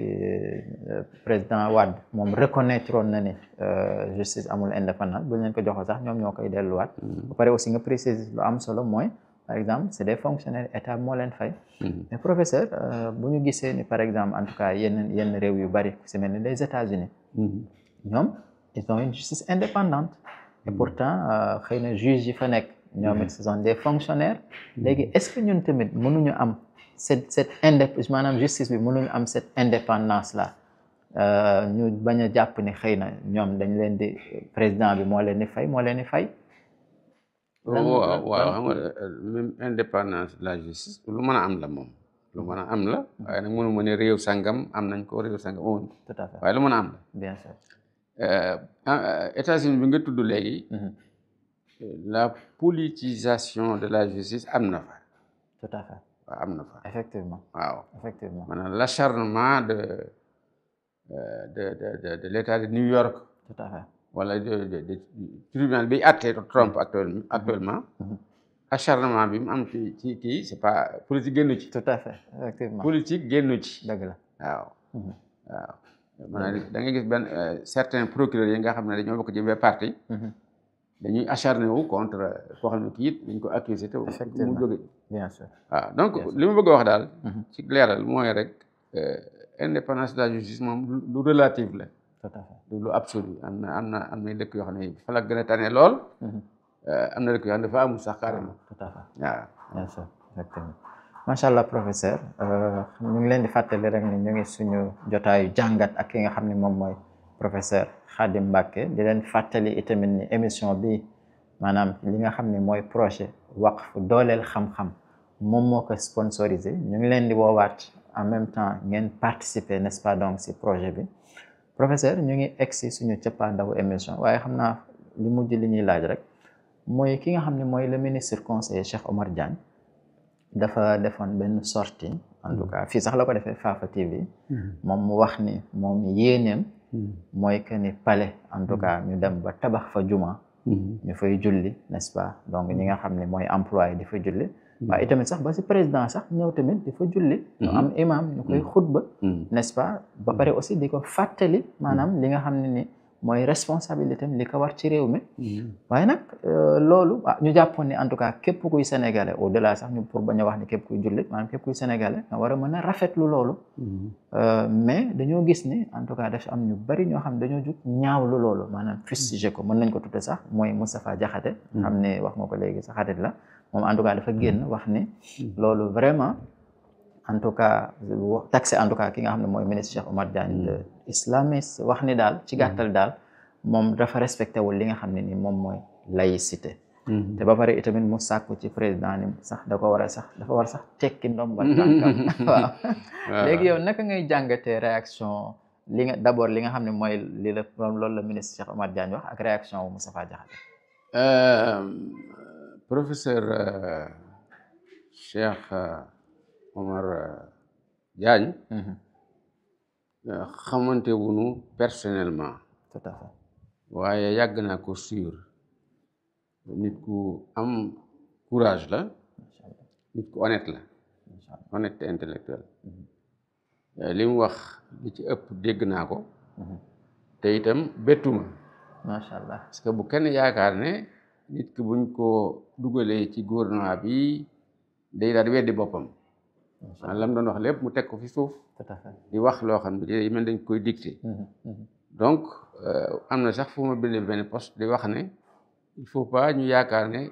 euh, président Wade moom reconnaître na ni euh, justice amul indépendance bu leen ko joxo sax ñoom ñoo koy delluwaat ba pare aussi nga préciser lu am solo mooy par exemple c'est des fonctionnaires état moo leen fay mais professeur euh, bu ñu gisee par exemple en tout cas yenn yenn réew yu bari ku si mel ni États-Unis ils ont une justice indépendante. Hmm. pourtant euh, xëy na juge yi fa nekk. ñoom it hmm. ce sont des fonctionnaires. Hmm. léegi est-ce que ñun tamit mënuñu am cette cette indép maanaam justice bi mënuñu am cette indépendance là euh, ñu bañ a jàpp ni xëy na ñoom dañ leen di président bi moo leen di fay moo leen di fay. Oh, waaw euh, la justice lu mën a am la moom. lu mën a am la. waaye nag mënu ma ne réew sangam am nañ ko réew sangam woon. waaye lu mën a am la. bien Euh, ah, euh, États-Unis bi nga tudd léegi. Mhm. la politisation de la justice am na fa. tout waaw am na fa. effectivement waaw. effectivement maanaam l'acharnement de euh, de de de l'État de New York. tout à wala de de de tribunal bi àtte Trump mhm. actuellement. Mhm. acharnement bi mu am ci ci kii c'est pas politique génnu ci. tout à fait ci. dëgg waaw. maanaam da ngay gis benn euh, certains procureurs yi nga xam ne dañoo bokk jëmee parti. Mhm. dañuy acharné wu contre euh, koo xam ne kii it dañ ko accusé te mu jóge donc li mu bëgg a wax daal mhm. ci leeral mooy rek euh, indépendance de la justice moom lu relative la tout à fait lu absolu am na am na am na dëkk yoo xam ne fa gën a tane lool mhm. am na dëkk yoo xam ne dafa amul sax carrément waaw macha allah professeur euh, ñu ngi leen di fàttali rek ni ñu ngi suñu jotaayu jàngat ak ki nga xam ni moom mooy professeur Khadim Mbacke di leen fàttali itamit ni émission bi maanaam li nga xam ni mooy projet fu dooleel xam-xam moom moo ko sponsorisé ñu ngi leen di woowaat en même temps ngeen participer n'est-ce pas donc si projet bi professeur ñu ngi egsi suñu cëppaandawu émission waaye xam naa li mujj li ñuy laaj rek mooy ki nga xam ni mooy le ministre conseiller Cheikh Omar Diagne dafa defoon benn sortie en tout hmm. cas fii sax la ko defee Fafa TV hmm. moom mu wax ni moom yéeneem hmm. mooy que ni palais en tout cas ñu dem ba tabax fa juma ñu fay julli n'est-ce pas donc ñi nga xam ne mooy employé di fa julli waaye itamit sax ba si président sax ñëw tamit di fa julli ñu am imam ñu koy xutba nest pas ba pare aussi di ko fàttali maanaam li nga xam ne ni mooy responsabilité am li ko war ci réew mi. Hmm. waaye nag euh, loolu ah ñu jàppoon ni en tout cas képp kuy sénégalais au delà sax ñu pour bañ a wax ni képp kuy jullit maanaam képp kuy sénégalais nga war a mën a rafetlu loolu. Hmm. Euh, mais dañoo gis ni en tout cas dafa am ñu bari ñoo xam dañoo jug ñaawlu loolu maanaam hmm. fustigé ko mën nañ ko tudde sax mooy Moustapha Diakhaté. xam ne wax nga ko léegi sa xarit la moom en dafa génn wax ni. loolu vraiment. en tout cas taxé en tout cas ki nga xam ne mooy ministre Cheikh Omar Diagne mm. le islamiste wax ni daal ci gàttal mm. daal moom dafa respecté wul li nga xam ne ni moom mooy laïcité mm. te ba pare itamit mu sàkku ci président ni sax da ko war a sax dafa war a sax tekki ndombal tànkam naka ngay jàngatee réaction li nga d'abord li nga xam ne mooy li la loolu la ministre Cheikh Omar Diagne wax ak réaction wu Moustapha Diakhaté euh, professeur euh, Cheikh euh, Omar euh, Diagne. Mhm. Euh, xamante wuñu personnellement. waaye yàgg na ko suivre nit ku am courage la. nit ku honnête la. honnêteté intellectuelle. Mhm. Euh, li wax li ci ëpp dégg naa ko. Mhm. te itam bettuma. macha allah bu kenn yaakaar ne nit ki buñ ko dugalee ci gouvernement bi day daal di weddi boppam. maanaam lam doon wax lépp mu teg ko fi suuf di wax loo xam ne day mel dañ koy dicté mm-hmm, mm-hmm. donc euh, am na sax fu ma bindee benn post di wax ne il faut pas ñu yaakaar ne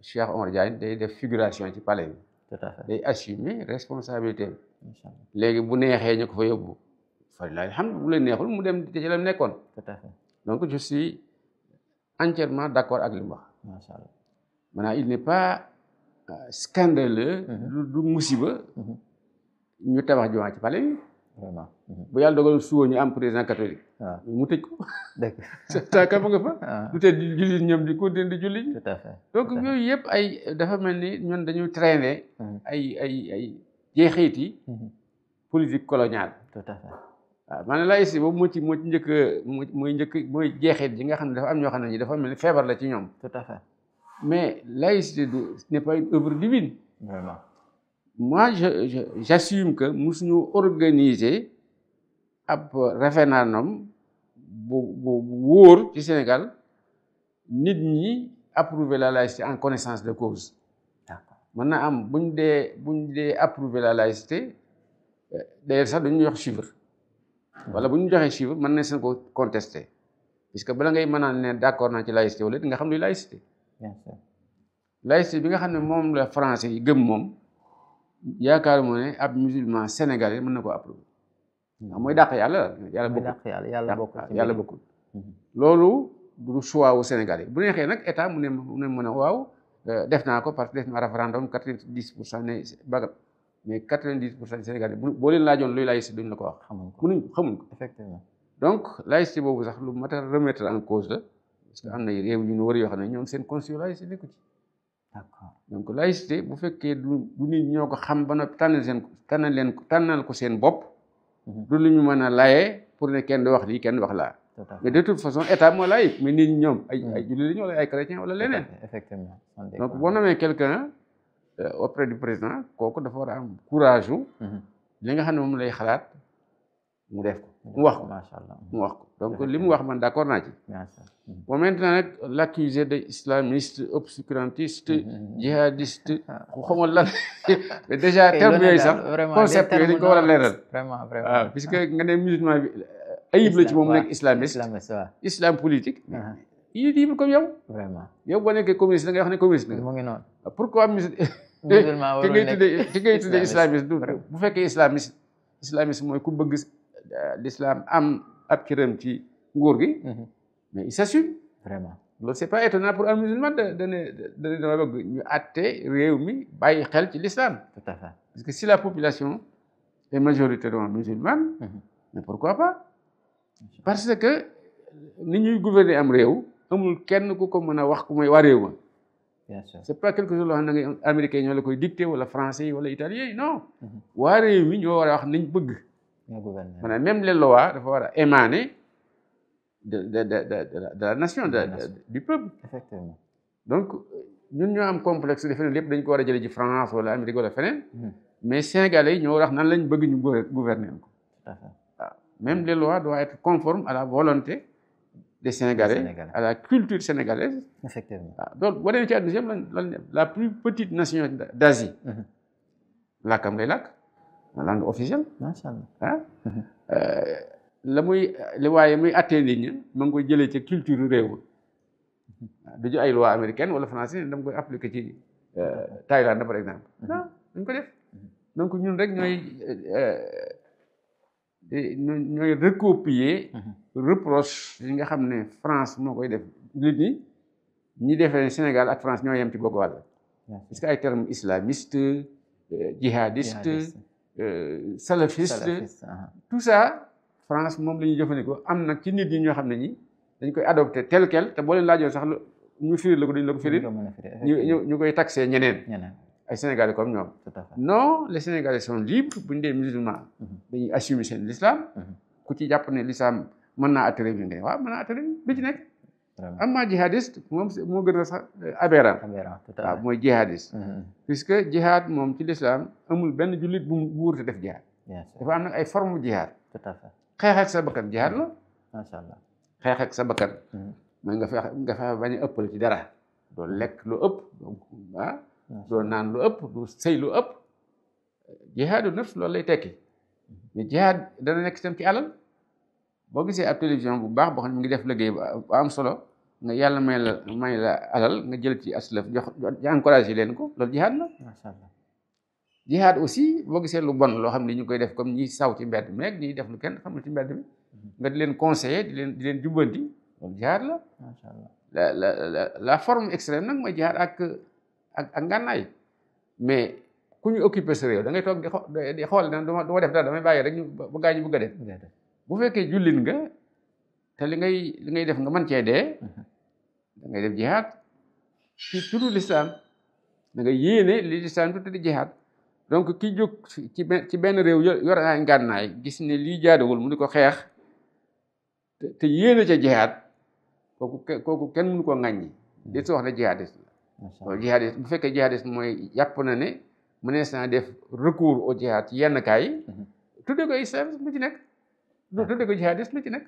Cheikh Omar Diagne day def figuration ci pale bi day assumer responsabilité bi léegi bu neexee ñu ko fa yóbbu falilahi alhamdu bu leen neexul mu dem ci lam nekkoon donc je suis entièrement d'accord ak li mu wax il n'est pas Euh, scandaleux mhm. du musiba mhm. ñu tabax jumaa ci palais mhm. bu yàlla dogal suba ñu am président catholique ah. mu tëj ko dëgg taaka nga fa ah. du tee di ñoom di continuer di jullit tout à donc yooyu yëpp ay dafa mel ni ñun dañuy traîner ay ay ay jeexiiti politique coloniale tout à fait waaw ah, maanaam laïcité boobu moo ci moo ci njëkk mooy njëkk mooy jeexit yi nga xam ne dafa am ñoo xam ne ñi dafa mel ni feebar la ci ñoom tout Mais laïcité du n'est pas une œuvre divine. Vraiment. Moi, j'assume que nous nous organiser ab référendum bu bu wóor ci Sénégal nit ñi approuver la laïcité en connaissance de cause. mën na am bu dee bu ñu dee approuver la laïcité d'ailleurs sax dañu jox chiffre. wala bu ñu joxee chiffre mën na seen ko contester. puisque bala ngay mën a ne d'accord naa ci laïcité wala nga xam luy laïcité. bien sûr bi nga xam ne moom la français yi gëm moom yaakaar moo ne ab musulman sénégalais mën na ko approuvé hmm. mooy dàq yàlla yàlla bokkul yàlla bokkul yàlla hmm. bokkul loolu du choix wu sénégalais bu neexee nag état mu ne mu ne mën a waaw euh, def naa ko parce que def naa référendum quatre-vingt-dix pour cent ne bagal mais quatre-vingt-dix pour cent sénégalais boo leen laajoon luy laïcité duñ la ko wax. xamuñ ko xamuñ ko. effectivement donc boobu sax lu mat a remettre en cause parce que am na réew yu ñu war yoo xam ne ñoom seen constitution laïcité nekku ci. d'accord donc laïcité bu fekkee du du nit ñoo ko xam ba noppi tànnal seen tànnal leen tànnal ko seen bopp. Mhm. du lu ñu mën a laayee pour ne kenn du wax lii kenn wax laa. mais de toute façon état moo laïque mais nit ñi ñoom ay ay mhm. wala chrétien wala leneen. effectivement donc boo nommee quelqu'un euh, auprès du président kooku dafa war a am courage mhm. li nga xam ne moom lay xalaat mu def ko. mu wax ko mu wax ko donc li mu wax man d'accord naa ci hmm. bon maintenant nag l'accusé de islamiste obscurantiste hmm, hmm, jihadiste ah. xamul lan mais déjà terme yooyu sax ko war a leeral vraiment vraiment que ah, puisque ah. nga ne musulman bi euh, ayib la ci moom nekk islamiste islam politique il est libre yow vraiment nekkee communiste da ngay wax ne communiste mu ngi noonu pourquoi musulman ki ngay tuddee ki ngay tuddee islamiste bu fekkee islamiste islamiste mooy ku bëgg Euh, l'islam am ab cëram ci nguur gi. Mhm. mais il s'assume vraiment loolu c'est pas étonnant pour un musulman de de de dama bëgg ñu àtte réew mi bàyyi xel ci l'islam. tout à fait parce que si la population est majoritairement musulmane. Mhm. mais pourquoi pas. parce que ni ñuy gouverner am réew amul kenn ku ko mën a wax ku mooy waa réew ma. bien sûr c'est pas quelque chose loo xam ne nga américain ñoo la koy dicté wala français yi wala italien yi non. Mhm. waa réew mi ñoo war a wax niñ bëgg. maanaam même les lois dafa war a émaner de de de de la nation du peuple donc ñun ñoo am complexe defe lépp dañ ko war a jële ci France wala Amérique wala feneen hmm. mais Sénégalais yi ñoo wax nan lañ bëgg ñu gouverner ko waaw ah, même les lois doivent être conformes à la volonté des Sénégalais à la culture sénégalaise effectivement waaw ah, donc boo demee ci àdduna la plus petite nation d'Asie hmm. lakkam lay lakk langue officielle. macha allah ah. Euh, la muy li waaye muy attee ñi mu ngi koy jëlee ci culture réew du ju ay loi américaine wala français dama koy appliquer ci euh, Thaïlande par exemple. non ko def donc ñun rek ñooy euh, ñooy recopier. reproche yi nga xam ne France moo koy def nit ñi ñi defee Sénégal ak France ñoo yem ci bokk wàll. parce ay termes islamiste jihadiste Euh, salafiste tout ça France moom la ñuy jëfandikoo am na ki nit ñi ñoo xam ne ñi dañ koy adopté tel quel te boo leen laajoon sax ñu firil la ko duñ la ko firil ñu ñu koy taxé ñeneen ay Sénégalais comme ñoom non les Sénégalais sont libres bu ñu dee musulman mhm. dañuy assumer seen l'islam mhm. ku ci jàpp ne l'islam mën naa attérébi nga waaw mën naa attérébi bi ci amma jihadiste moom moo gën a sax eh, aberrant waaw ah, mooy jihadiste mm-hmm, mm-hmm. puisque jihad moom ci lislaam amul benn jullit bu wóor te def jihad dafa am nag ay formu jihad tout sa bakkan jihad la mm-hmm. macha allah sa bakkan mooy nga fexe nga fexe bañ a ëppal ci dara doo lekk lu ëpp ah doo naan lu ëpp du sëy lu ëpp jihaadu nafs loolu lay tekki mais jihaad dana nekk itam ci alal boo gisee ab télévision bu baax boo xam ne mu ngi def liggéey bu am solo nga yàlla may la may la alal nga jël ci aslaf jox encouragé leen ko loolu jihaad la. macha allah jihaad aussi boo gisee lu bon loo xam ne ñu koy def comme ñi saw ci mbedd meeg ñiy def lu kenn xamul ci mbedd mi mhm. nga di leen conseiller di leen di leen jubbanti loolu jihaad la. macha allah la la la la forme extrême nag mooy di ak ak ak ngànnaay mais. ku ñu occupé sa réew da ngay toog di xo di xool naan du ma def dara damay bàyyi rek ñu ba gaañ ñu bëgg a bu fekkee jullit nga te li ngay li ngay def nga man cee dee mhm. da ngay def jihaad ci turu lislaam da nga yéene li lislaam tudd di jihaad donc ki jóg ci ci benn réew yor ay ngànnaay gis ni lii jaaduwul mu ni ko xeex te yéene ca jihaad kooku kooku kenn mënu ko ŋàññi mhm. di su wax ne jihadiste la bu fekkee jihadiste mooy yàpp na ne mënees naa def recours au jihad yenn cas yi mhm. ko islam bu ci nekk doo tudde ko jihadiste lu ci nekk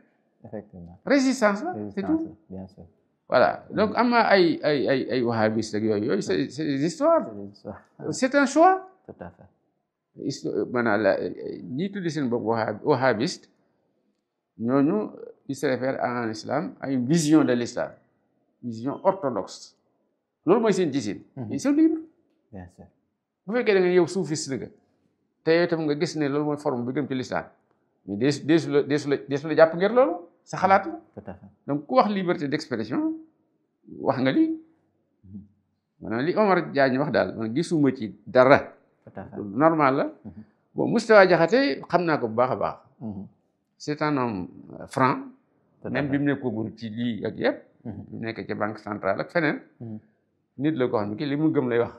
résistance la c'est voilà donc am na ay ay ay ay wahhabistes ak yooyu yooyu c'est c'est des histoires un choix tout la ñi tudde seen bopp wahhabiste ñooñu il se réfère à un islam à une vision de l'islam vision orthodoxe loolu mooy seen gisin mhm. ils bu fekkee da yow soufiste nga te yow itam nga gis ne loolu mooy forme bi gën ci l'islam mais deesu la deesu la deesu la jàpp ngir loolu sa xalaat donc ku wax liberté d'expression wax nga lii maanaam li Omar Diagne wax daal man gisuma ci dara normal la mhm. bon Moustapha Diakhaté xam naa ko bu baax a baax mhm. c'est un homme euh, franc même bi mu nekkoon ci lii ak yëpp mhm. mu nekk ci banque centrale ak feneen nit la ko xam ne kii li mu gëm lay wax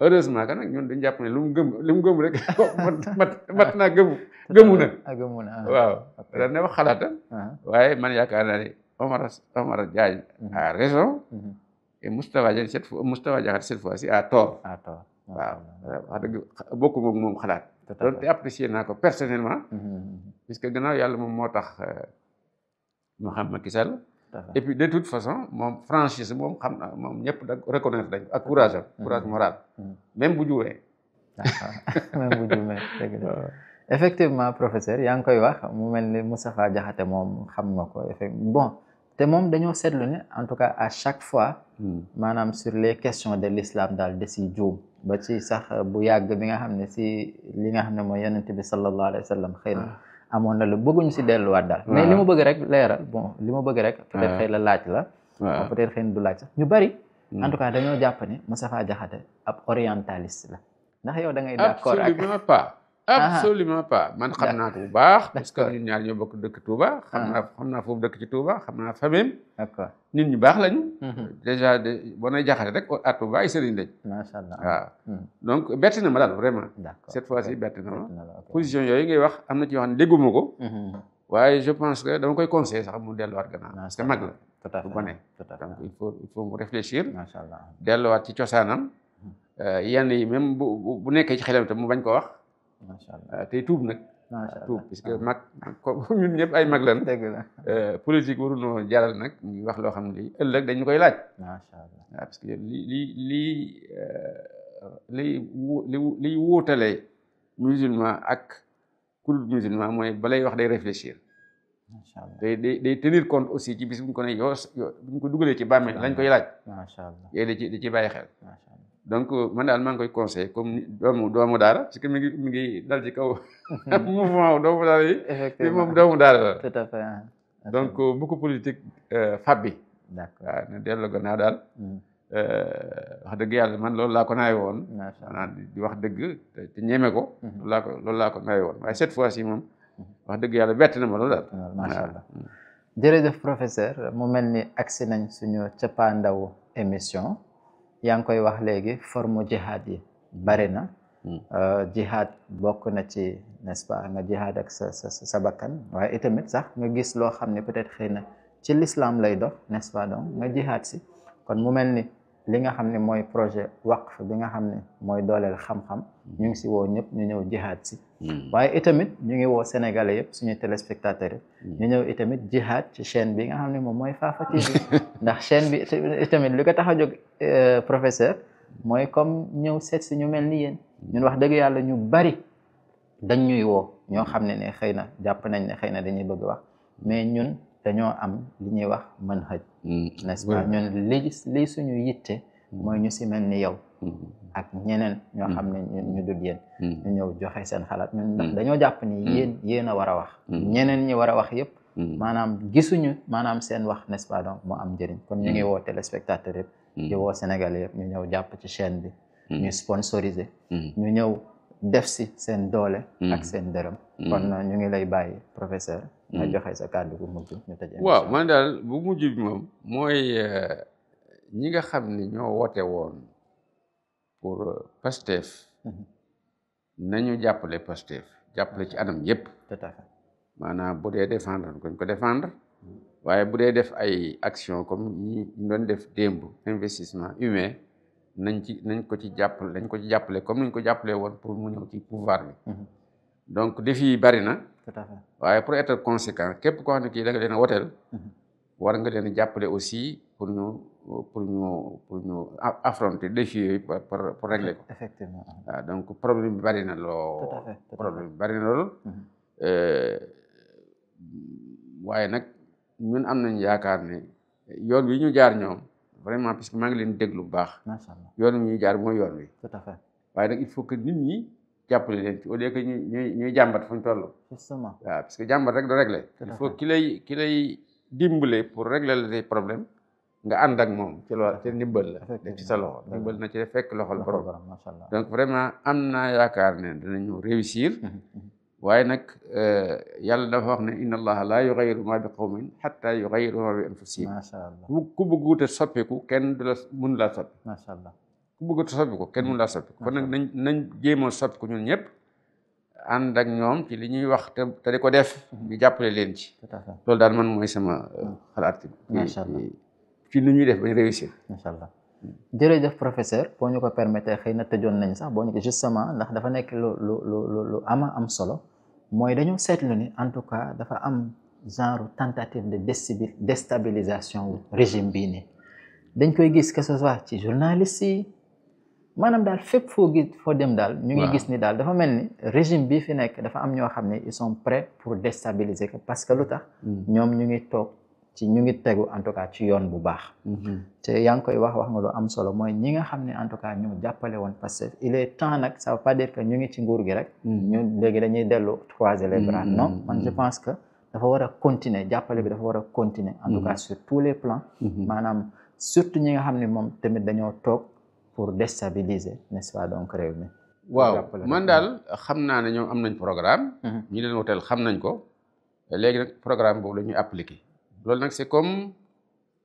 heureusement que nag ñun dañu jàpp ne lu mu gëm li mu gëm rek mat mat naa gëmu gëmu ah, ah. waaw da ne wax xalaatam ah. waaye man yaakaar naa ne Omar Omar Diagne mhm. a raison mhm. et Moustapha Diagne cette fois à tort à tort waaw wax dëgg moom xalaat loolu te apprécié naa ko personnellement mhm, puisque gannaaw yàlla moom moo tax euh, ma xam Macky Sall et puis de toute façon moom franchise moom xam na moom ñëpp da reconnaître dañ ak courage am courage bu juwee effectivement professeur yaa ngi koy wax mu mel ni mu Moustapha Diakhaté moom xam nga ko bon te moom dañoo seetlu ne en tout cas à chaque fois hmm. maanaam sur les questions de l'islam daal da si juum ba si sax bu yàgg bi nga xam ne si li nga xam ne mooy yonent bi sallallahu alayhi wa sallam xëy na ah. amoon na lu bëgguñu si delluwaat daal mais ah. li ma bëgg rek leeral bon li ma bëgg rek peut-être la ah. laaj la peut-être du laaj ñu bari hmm. en tout cas dañoo jàpp ne Moustapha jaxate ab orientaliste la ndax yow da d'accord ak absolument pas man xam naa ko bu baax parce que ñaar ñoo bokk dëkk Touba xam ah. naa xam naa foofu dëkk ci Touba xam naa famem d'accord nit ñu baax lañu mhm. déjà de boo nay jaxate rek à Touba ay sëriñ lañ macha allah hmm. donc bett na ma daal vraiment cette fois-ci bett na ma position yooyu ngay wax am na ci yoo xam ne dégguma ko mhm. waaye je pense que dama koy conseiller sax mu delluwaat gannaaw parce que mag la tout à fait donc il faut mu réfléchir macha allah delluwaat ci cosaanam mhm. euh, yenn yi même bu bu nekkee ci xelam te mu bañ ko wax macha allah ah, tey tuub nag. macha ah, allah tuub parce que ah. mag comme ñun ñëpp ay mag lan dëgg la euh, politique waruñoo jaral nag ñu wax loo xam ne lii ëllëg dañu koy laaj. macha allah waaw parce que lii lii lii lii li euh, liy wuutale musulman ak ku dul musulman mooy balay wax day réfléchir. macha allah day day day tenir compte aussi ci bis bu ñu ko ne yoo buñ ko dugalee ci baam mi lañ koy laaj. macha allah yooyu da ci da ci bàyyi xel. donc man daal maa koy conseillé comme doomu doomu daara mi ngi mi ngi dal ci kaw. Mhm. mouvement doomu daara donc bu ko politique euh, fab bi. d'accord waaw ne delloo gannaaw daal. Mhm. Euh, wax dëgg yàlla man loolu laa ko naay woon. macha allah di wax dëgg te ñeme mhm. ko. loolu laa loolu laa ko naay woon waaye cette fois si moom. wax dëgg yàlla bett na ma loolu daal. macha allah jërëjëf professeur mu mel ni agsi nañ suñu cappaandawu émission. yaa ngi koy wax léegi forme jihad yi bari na hmm. euh, jihad bokk na ci n'est-ce nga jihad ak sa sa sa bakkan waaye itamit sax nga gis loo xam ne peut-être xëy na ci l'islam lay dox n'est-ce donc nga jihad si kon mu mel ni li nga xam ne mooy projet waqf bi nga xam ne mooy dooleel xam-xam hmm. ñu ngi si woo ñëpp ñu ñëw jihaad si hmm. waaye itamit ñu ngi woo sénégalais yëpp suñu téléspectateurs yi hmm. ñu ñëw itamit jihaad ci chaine bi nga xam ne moom mooy Fafa TV ndax chaîne bi itamit li ko tax a jóg euh, professeur mooy comme ñëw seet si ñu mel ni yéen ñun wax dëgg yàlla ñu bari dañ ñuy woo ñoo xam ne ne xëy na jàpp nañ ne xëy na dañuy bëgg wax mais ñun dañoo am li ñuy wax mën xëj mm. n'est-ce pas ñun suñu yitte mm. mooy ñu si mel ni yow mm-hmm. ak ñeneen ñoo mm. xam ne ñu dul yéen ñu ñëw joxe seen xalaat ñun dañoo jàpp ni yéen yéen a war a wax ñeneen ñi war a wax yëpp maanaam gisuñu maanaam seen wax n'est-ce pas donc moo am njëriñ kon ñu ngi woo téléspectateur yëpp di woo Sénégalais yëpp ñu ñëw jàpp ci chaîne bi ñu sponsorisé ñu ñëw def si seen doole. Mm. ak seen dërëm. Mm. kon ñu ngi lay bàyyi professeur. nga mm. joxe sa kàddu gu mujj ñu tëj. waaw man daal bu mujj bi moom mooy eh, ñi nga xam ni ñoo woote woon pour eh, Pastef. Mhm. nañu jàppale Pastef jàppale ci anam yépp. tout maanaam bu dee défendre koñ ko défendre. waaye bu dee def ay action comme ñi doon def démb investissement humain. nañ ci nañ ko ci jàppale nañ ko ci jàppale comme nañ ko jàppalee woon pour mu ñëw ci pouvoir bi. Mm-hmm. donc défi yi bari na. waaye pour être conséquent képp koo xam ne kii danga nga leen a woteel. Mm-hmm. nga leen jàppale aussi pour ñu pour ñu pour ñu affronter défi yooyu pour pour régler donc problème bi bari na lool. problème bi bari na lool. Mm-hmm. Euh, waaye nag mun am nañ yaakaar ne yoon wi ñu jaar ñoom. vraiment parce que maa ngi leen déglu bu baax. macha yoon wi ñuy jaar mooy yoon wi. tout à waaye nag il faut que nit ñi jàppale leen ci au lieu que ñuy ñuy jàmbat fu ñu toll. justement waaw parce que jàmbat rek du régler. il faut ki lay ki lay dimbale pour régler la say problème nga ànd ak moom ci loolu te ndimbal la def ci sa loxo ndimbal na ci fekk loxol borom donc vraiment am naa yaakaar ne dinañu réussir mhm, mhm. waaye nag eh, yàlla dafa wax ne inna allaha laa yughayyiru ma bi qawmin hatta yughayyiru ma bi anfusihim macha allah ku bëgguute soppiku kenn du la mun laa soppi macha allah ku bëgguute soppiku kenn mun laa soppiku kon nag nañ nañ jéemoo soppiku ñun ñëpp ànd ak ñoom ci li ñuy wax te ko def mhm. ñu jàppale leen loolu daal man mooy sama mhm. xalaat macha allah ci ni ñuy def bañ réussir macha allah hmm. jërëjëf professeur boo ñu ko permettre xëy na tëjoon nañ sax boo ñu ko justement ndax dafa nekk lu lu lu am solo mooy dañoo seetlu ni en tout cas dafa am genre tentative de déstabilisation wu régime bii nii dañ koy gis que ce soit ci journaliste yi maanaam daal fépp foo gis foo dem daal ñu ngi gis ni daal dafa mel ni régime bi fi nekk dafa am ñoo xam ne ils sont prêts pour déstabiliser ko parce que lu tax hmm. ñoom ñu ngi toog ci ñu ngi tegu en tout cas ci yoon bu baax. Mhm. te yaa ngi koy wax wax nga lu am solo mooy ñi nga xam ne en tout cas ñu jàppale woon Pastef il est temps nag ça veut pas ñu ngi ci nguur gi rek. Mhm. ñu léegi dañuy dellu croiser les bras. Mhm. non man je pense que dafa war a continuer jàppale bi dafa war a continuer. en tout cas sur tous les plans. maanaam surtout ñi nga xam ne moom tamit dañoo toog pour déstabiliser n'est-ce pas donc réew mi. waaw man daal xam naa ne ñoom am nañ programme. ñi leen woteel xam nañ ko léegi nag programme boobu la ñuy appliquer. loolu nag c'est comme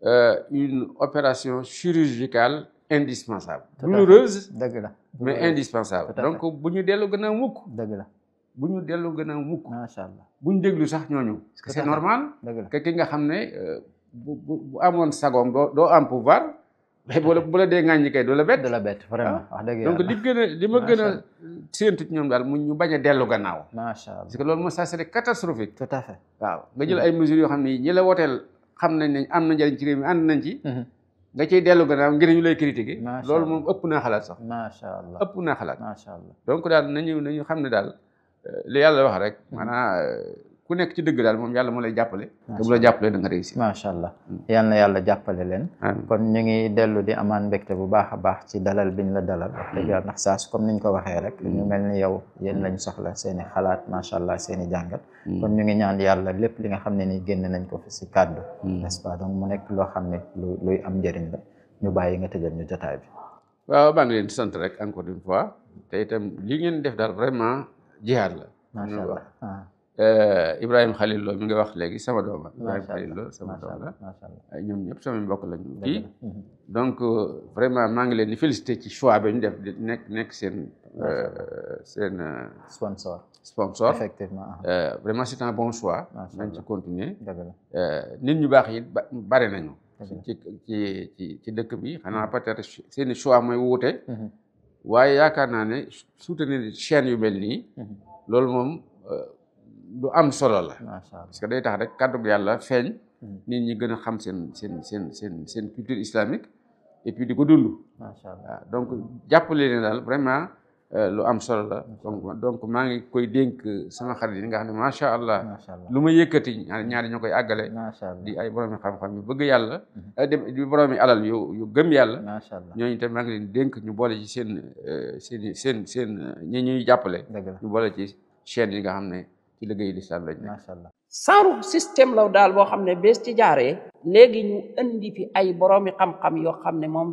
euh, une opération chirurgicale indispensable douloureuse dëgg la mais indispensable donc bu ñu dellu gën a mukk dëgg la bu ñu dellu gën a mukk macha allah bu ñu déglu sax ñooñu parce que c'est normal que ki nga xam ne euh, bu amoon sagoom doo doo am pouvoir bu la bu la dee ŋàññi kay du la bett. la bett vraiment ah. wax dëgg yàlla donc li gën a li ma gën a séentu ci ñoom daal mu ñu bañ a dellu gannaaw. parce que loolu moom ça serait catastrophique. waaw nga jël mm. ay mesures yoo xam ne ñi la wooteel xam nañ ne am na njëriñ ci réew mi ànd nañ ci. Mm-hmm. nga ciy dellu gannaaw ngir ñu lay critiquer. loolu moom ëpp naa xalaat sax. ëpp naa xalaat. donc daal nañu xam ne daal euh, li yàlla wax rek mm-hmm. maanaam. Euh, ku nekk ci dëgg daal moom yàlla moo lay jàppale te jàppale da nga réussir macha allah hmm. na yàlla jàppale leen kon ñu ngi dellu di amaan mbégte bu baax a baax ci dalal biñ la dalal wax dëgg yàlla ndax saa su comme ñu ko waxee rek hmm. ñu mel ni yow yéen lañ soxla seen i xalaat macha allah seen i jàngat hmm. kon ñu ngi ñaan yàlla lépp li nga xam ne ni génn nañ ko fi si kàddu n'est-ce pas mu nekk loo xam ne lu luy am njëriñ la ñu bàyyi nga tëjal ñu jotaay bi waaw maa ngi leen di sant rek encore une fois te itam li ngeen def daal vraiment jihaad la macha Eh, Ibrahima Khalil Lo mi nga wax léegi sama doom la Ibrahima Khalil Lo sama doom la eh, ñoom ñëpp sama mbokk la ñu kii mhm. donc euh, vraiment maa ngi leen di félicité ci choix bi ñu def di nekk nekk seen euh, seen euh, sponsor sponsor effectivement vraiment c'est un bon choix nañ ci continuer nit ñu baax yi bare nañu ci ci ci ci dëkk bi mhm. xanaa peut-être seeni choix mooy wuute mhm. waaye yaakaar naa ne soutenir chaîne yu mel nii loolu moom lu am solo la. parce que day tax rek kàddu yàlla feeñ. Hmm. nit ñi gën a xam seen seen seen seen seen culture islamique et puis di ko dund. macha allah donc jàppale leen daal vraiment euh, lu am solo la. donc donc maa ngi koy dénk sama xarit yi nga xam ne macha allah. lu ma yëkkati ñaari ñoo koy àggale. di ay boromi xam-xam yu bëgg yàlla. dem hmm. euh, di boromi alal yu yu gëm yàlla. macha allah ñooñu itam maa ngi leen dénk ñu boole ci seen euh, seen seen seen ñi ñuy jàppale. ñu boole ci chaîne yi nga xam ne. ci liggéey lislaam lañ nekk macha allah saaru système la daal boo xam ne bés ci jaaree léegi ñu indi fi ay boroomi xam-xam yoo xam ne moom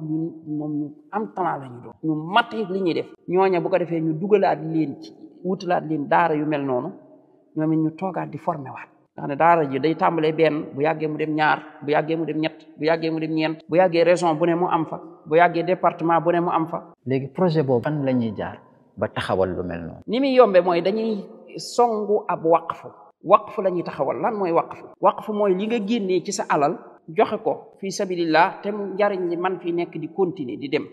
moom ñu am talent la ñu doon ñu mat li ñuy def ñooña bu ko defee ñu dugalaat leen ci wutalaat leen daara yu mel noonu ñoom it ñu toogaat di formé waat nga xam ne daara ji day tàmbalee benn bu yàggee mu dem ñaar bu yàggee mu dem ñett bu yàggee mu dem ñeent bu yàggee région bu ne mu am fa bu yàggee département bu ne mu am fa léegi projet boobu fan la ñuy jaar ba lu mel songu ab waqfu waqfu la ñuy taxawal lan mooy waqfu waqfu mooy li nga génnee ci sa alal joxe ko fii sabilillah te njariñ li man fii nekk di continuer di dem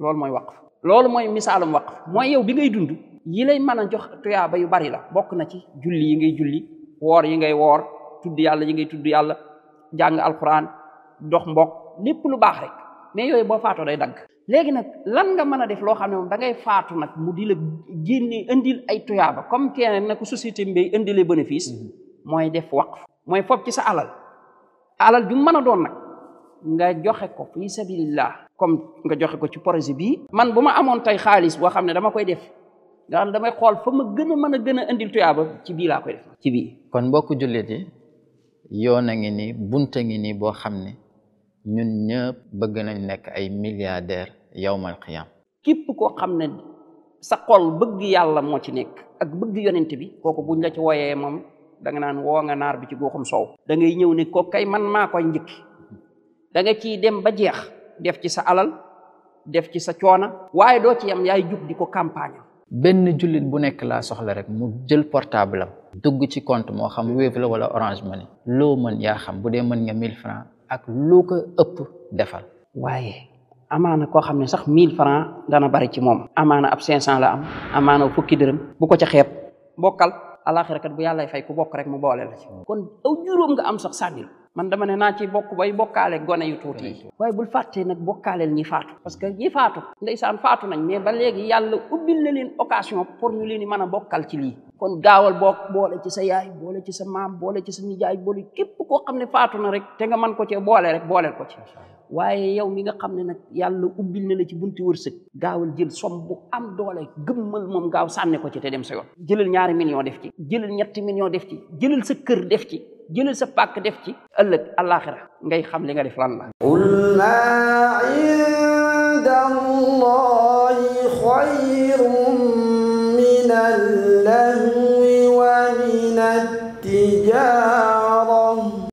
loolu mooy waqfu lool mooy misaalum waqf mooy yow bi ngay dund yi lay mën a jox tuyaaba yu bari la bokk na ci julli yi ngay julli woor yi ngay woor tudd yàlla yi ngay tudd yàlla jàng alquran dox mbokk lépp lu baax rek mais yooyu boo faatoo day dagg léegi nag lan nga mën a def loo xam ne moom da ngay faatu nag mu di la génne indil ay tuyaaba comme kenn na ko société mbay indilee bénéfice mm-hmm. mooy def waqf mooy fob ci sa alal alal ju mën a doon nag nga joxe ko fi sabilillah comme nga joxe ko ci projet bii man bu ma amoon tey xaalis boo xam ne dama koy def nga xam damay xool fa ma gën a mën a gën a indil tuyaaba ci bii laa koy def ci biir kon mbokk jullit yi yoon a ngi nii bunta ngi nii boo xam ne ñun ñëpp bëgg nañ nekk ay milliardaire yawmal qiyam képp koo xam ne sa xol bëgg yàlla moo ci nekk ak bëgg yonent bi kooku buñ la ci wooyee moom danga naan woo nga naar bi ci goxum soow da ngay ñëw ne ko kay man maa koy njëkki da nga ciy dem ba jeex def ci sa alal def ci sa coona waaye doo ci yam yaay jug di ko campagne benn jullit bu nekk laa soxla rek mu jël portable am dugg ci compte moo xam Wave la wala orangement Money loo mën yaa xam bu dee mën nga 1000 ak lu ko ëpp defal waaye amaana koo xam ne sax mille francs dana bari ci moom amaana ab cinq cent la am amaana fukki dërëm bu ko ca xeeb bokkal alaxira kat bu yàllay fay ku bokk rek mu boole la ci kon aw juróom nga am sax sànnil man dama ne naa ci bokk bay bokkaale gone yu tuuti yi waaye bul fàttee nag bokkaaleel ñi faatu parce que ñi faatu ndeysaan faatu nañ mais ba léegi yàlla ubbil na leen occasion pour ñu leen di mën a bokkal ci lii kon gaawal boo boole ci sa yaay boole ci sa maam boole ci sa nijaay boole képp koo xam ne faatu rek te nga man ko cee boole rek booleel ko ci waaye yow mi nga xam ne nag yàlla ubbil na la ci bunti wërsëg gaawal jël som bu am doole gëmmal moom gaaw sànni ko ci te dem sa yoon jëlal ñaari million def ci jëlal ñetti million def ci jëlal sa kër def ci jëlal sa pàkk def ci ëllëg àllaaxira ngay xam li nga def lan la qul ma inda allahi xayrun min allahi إياه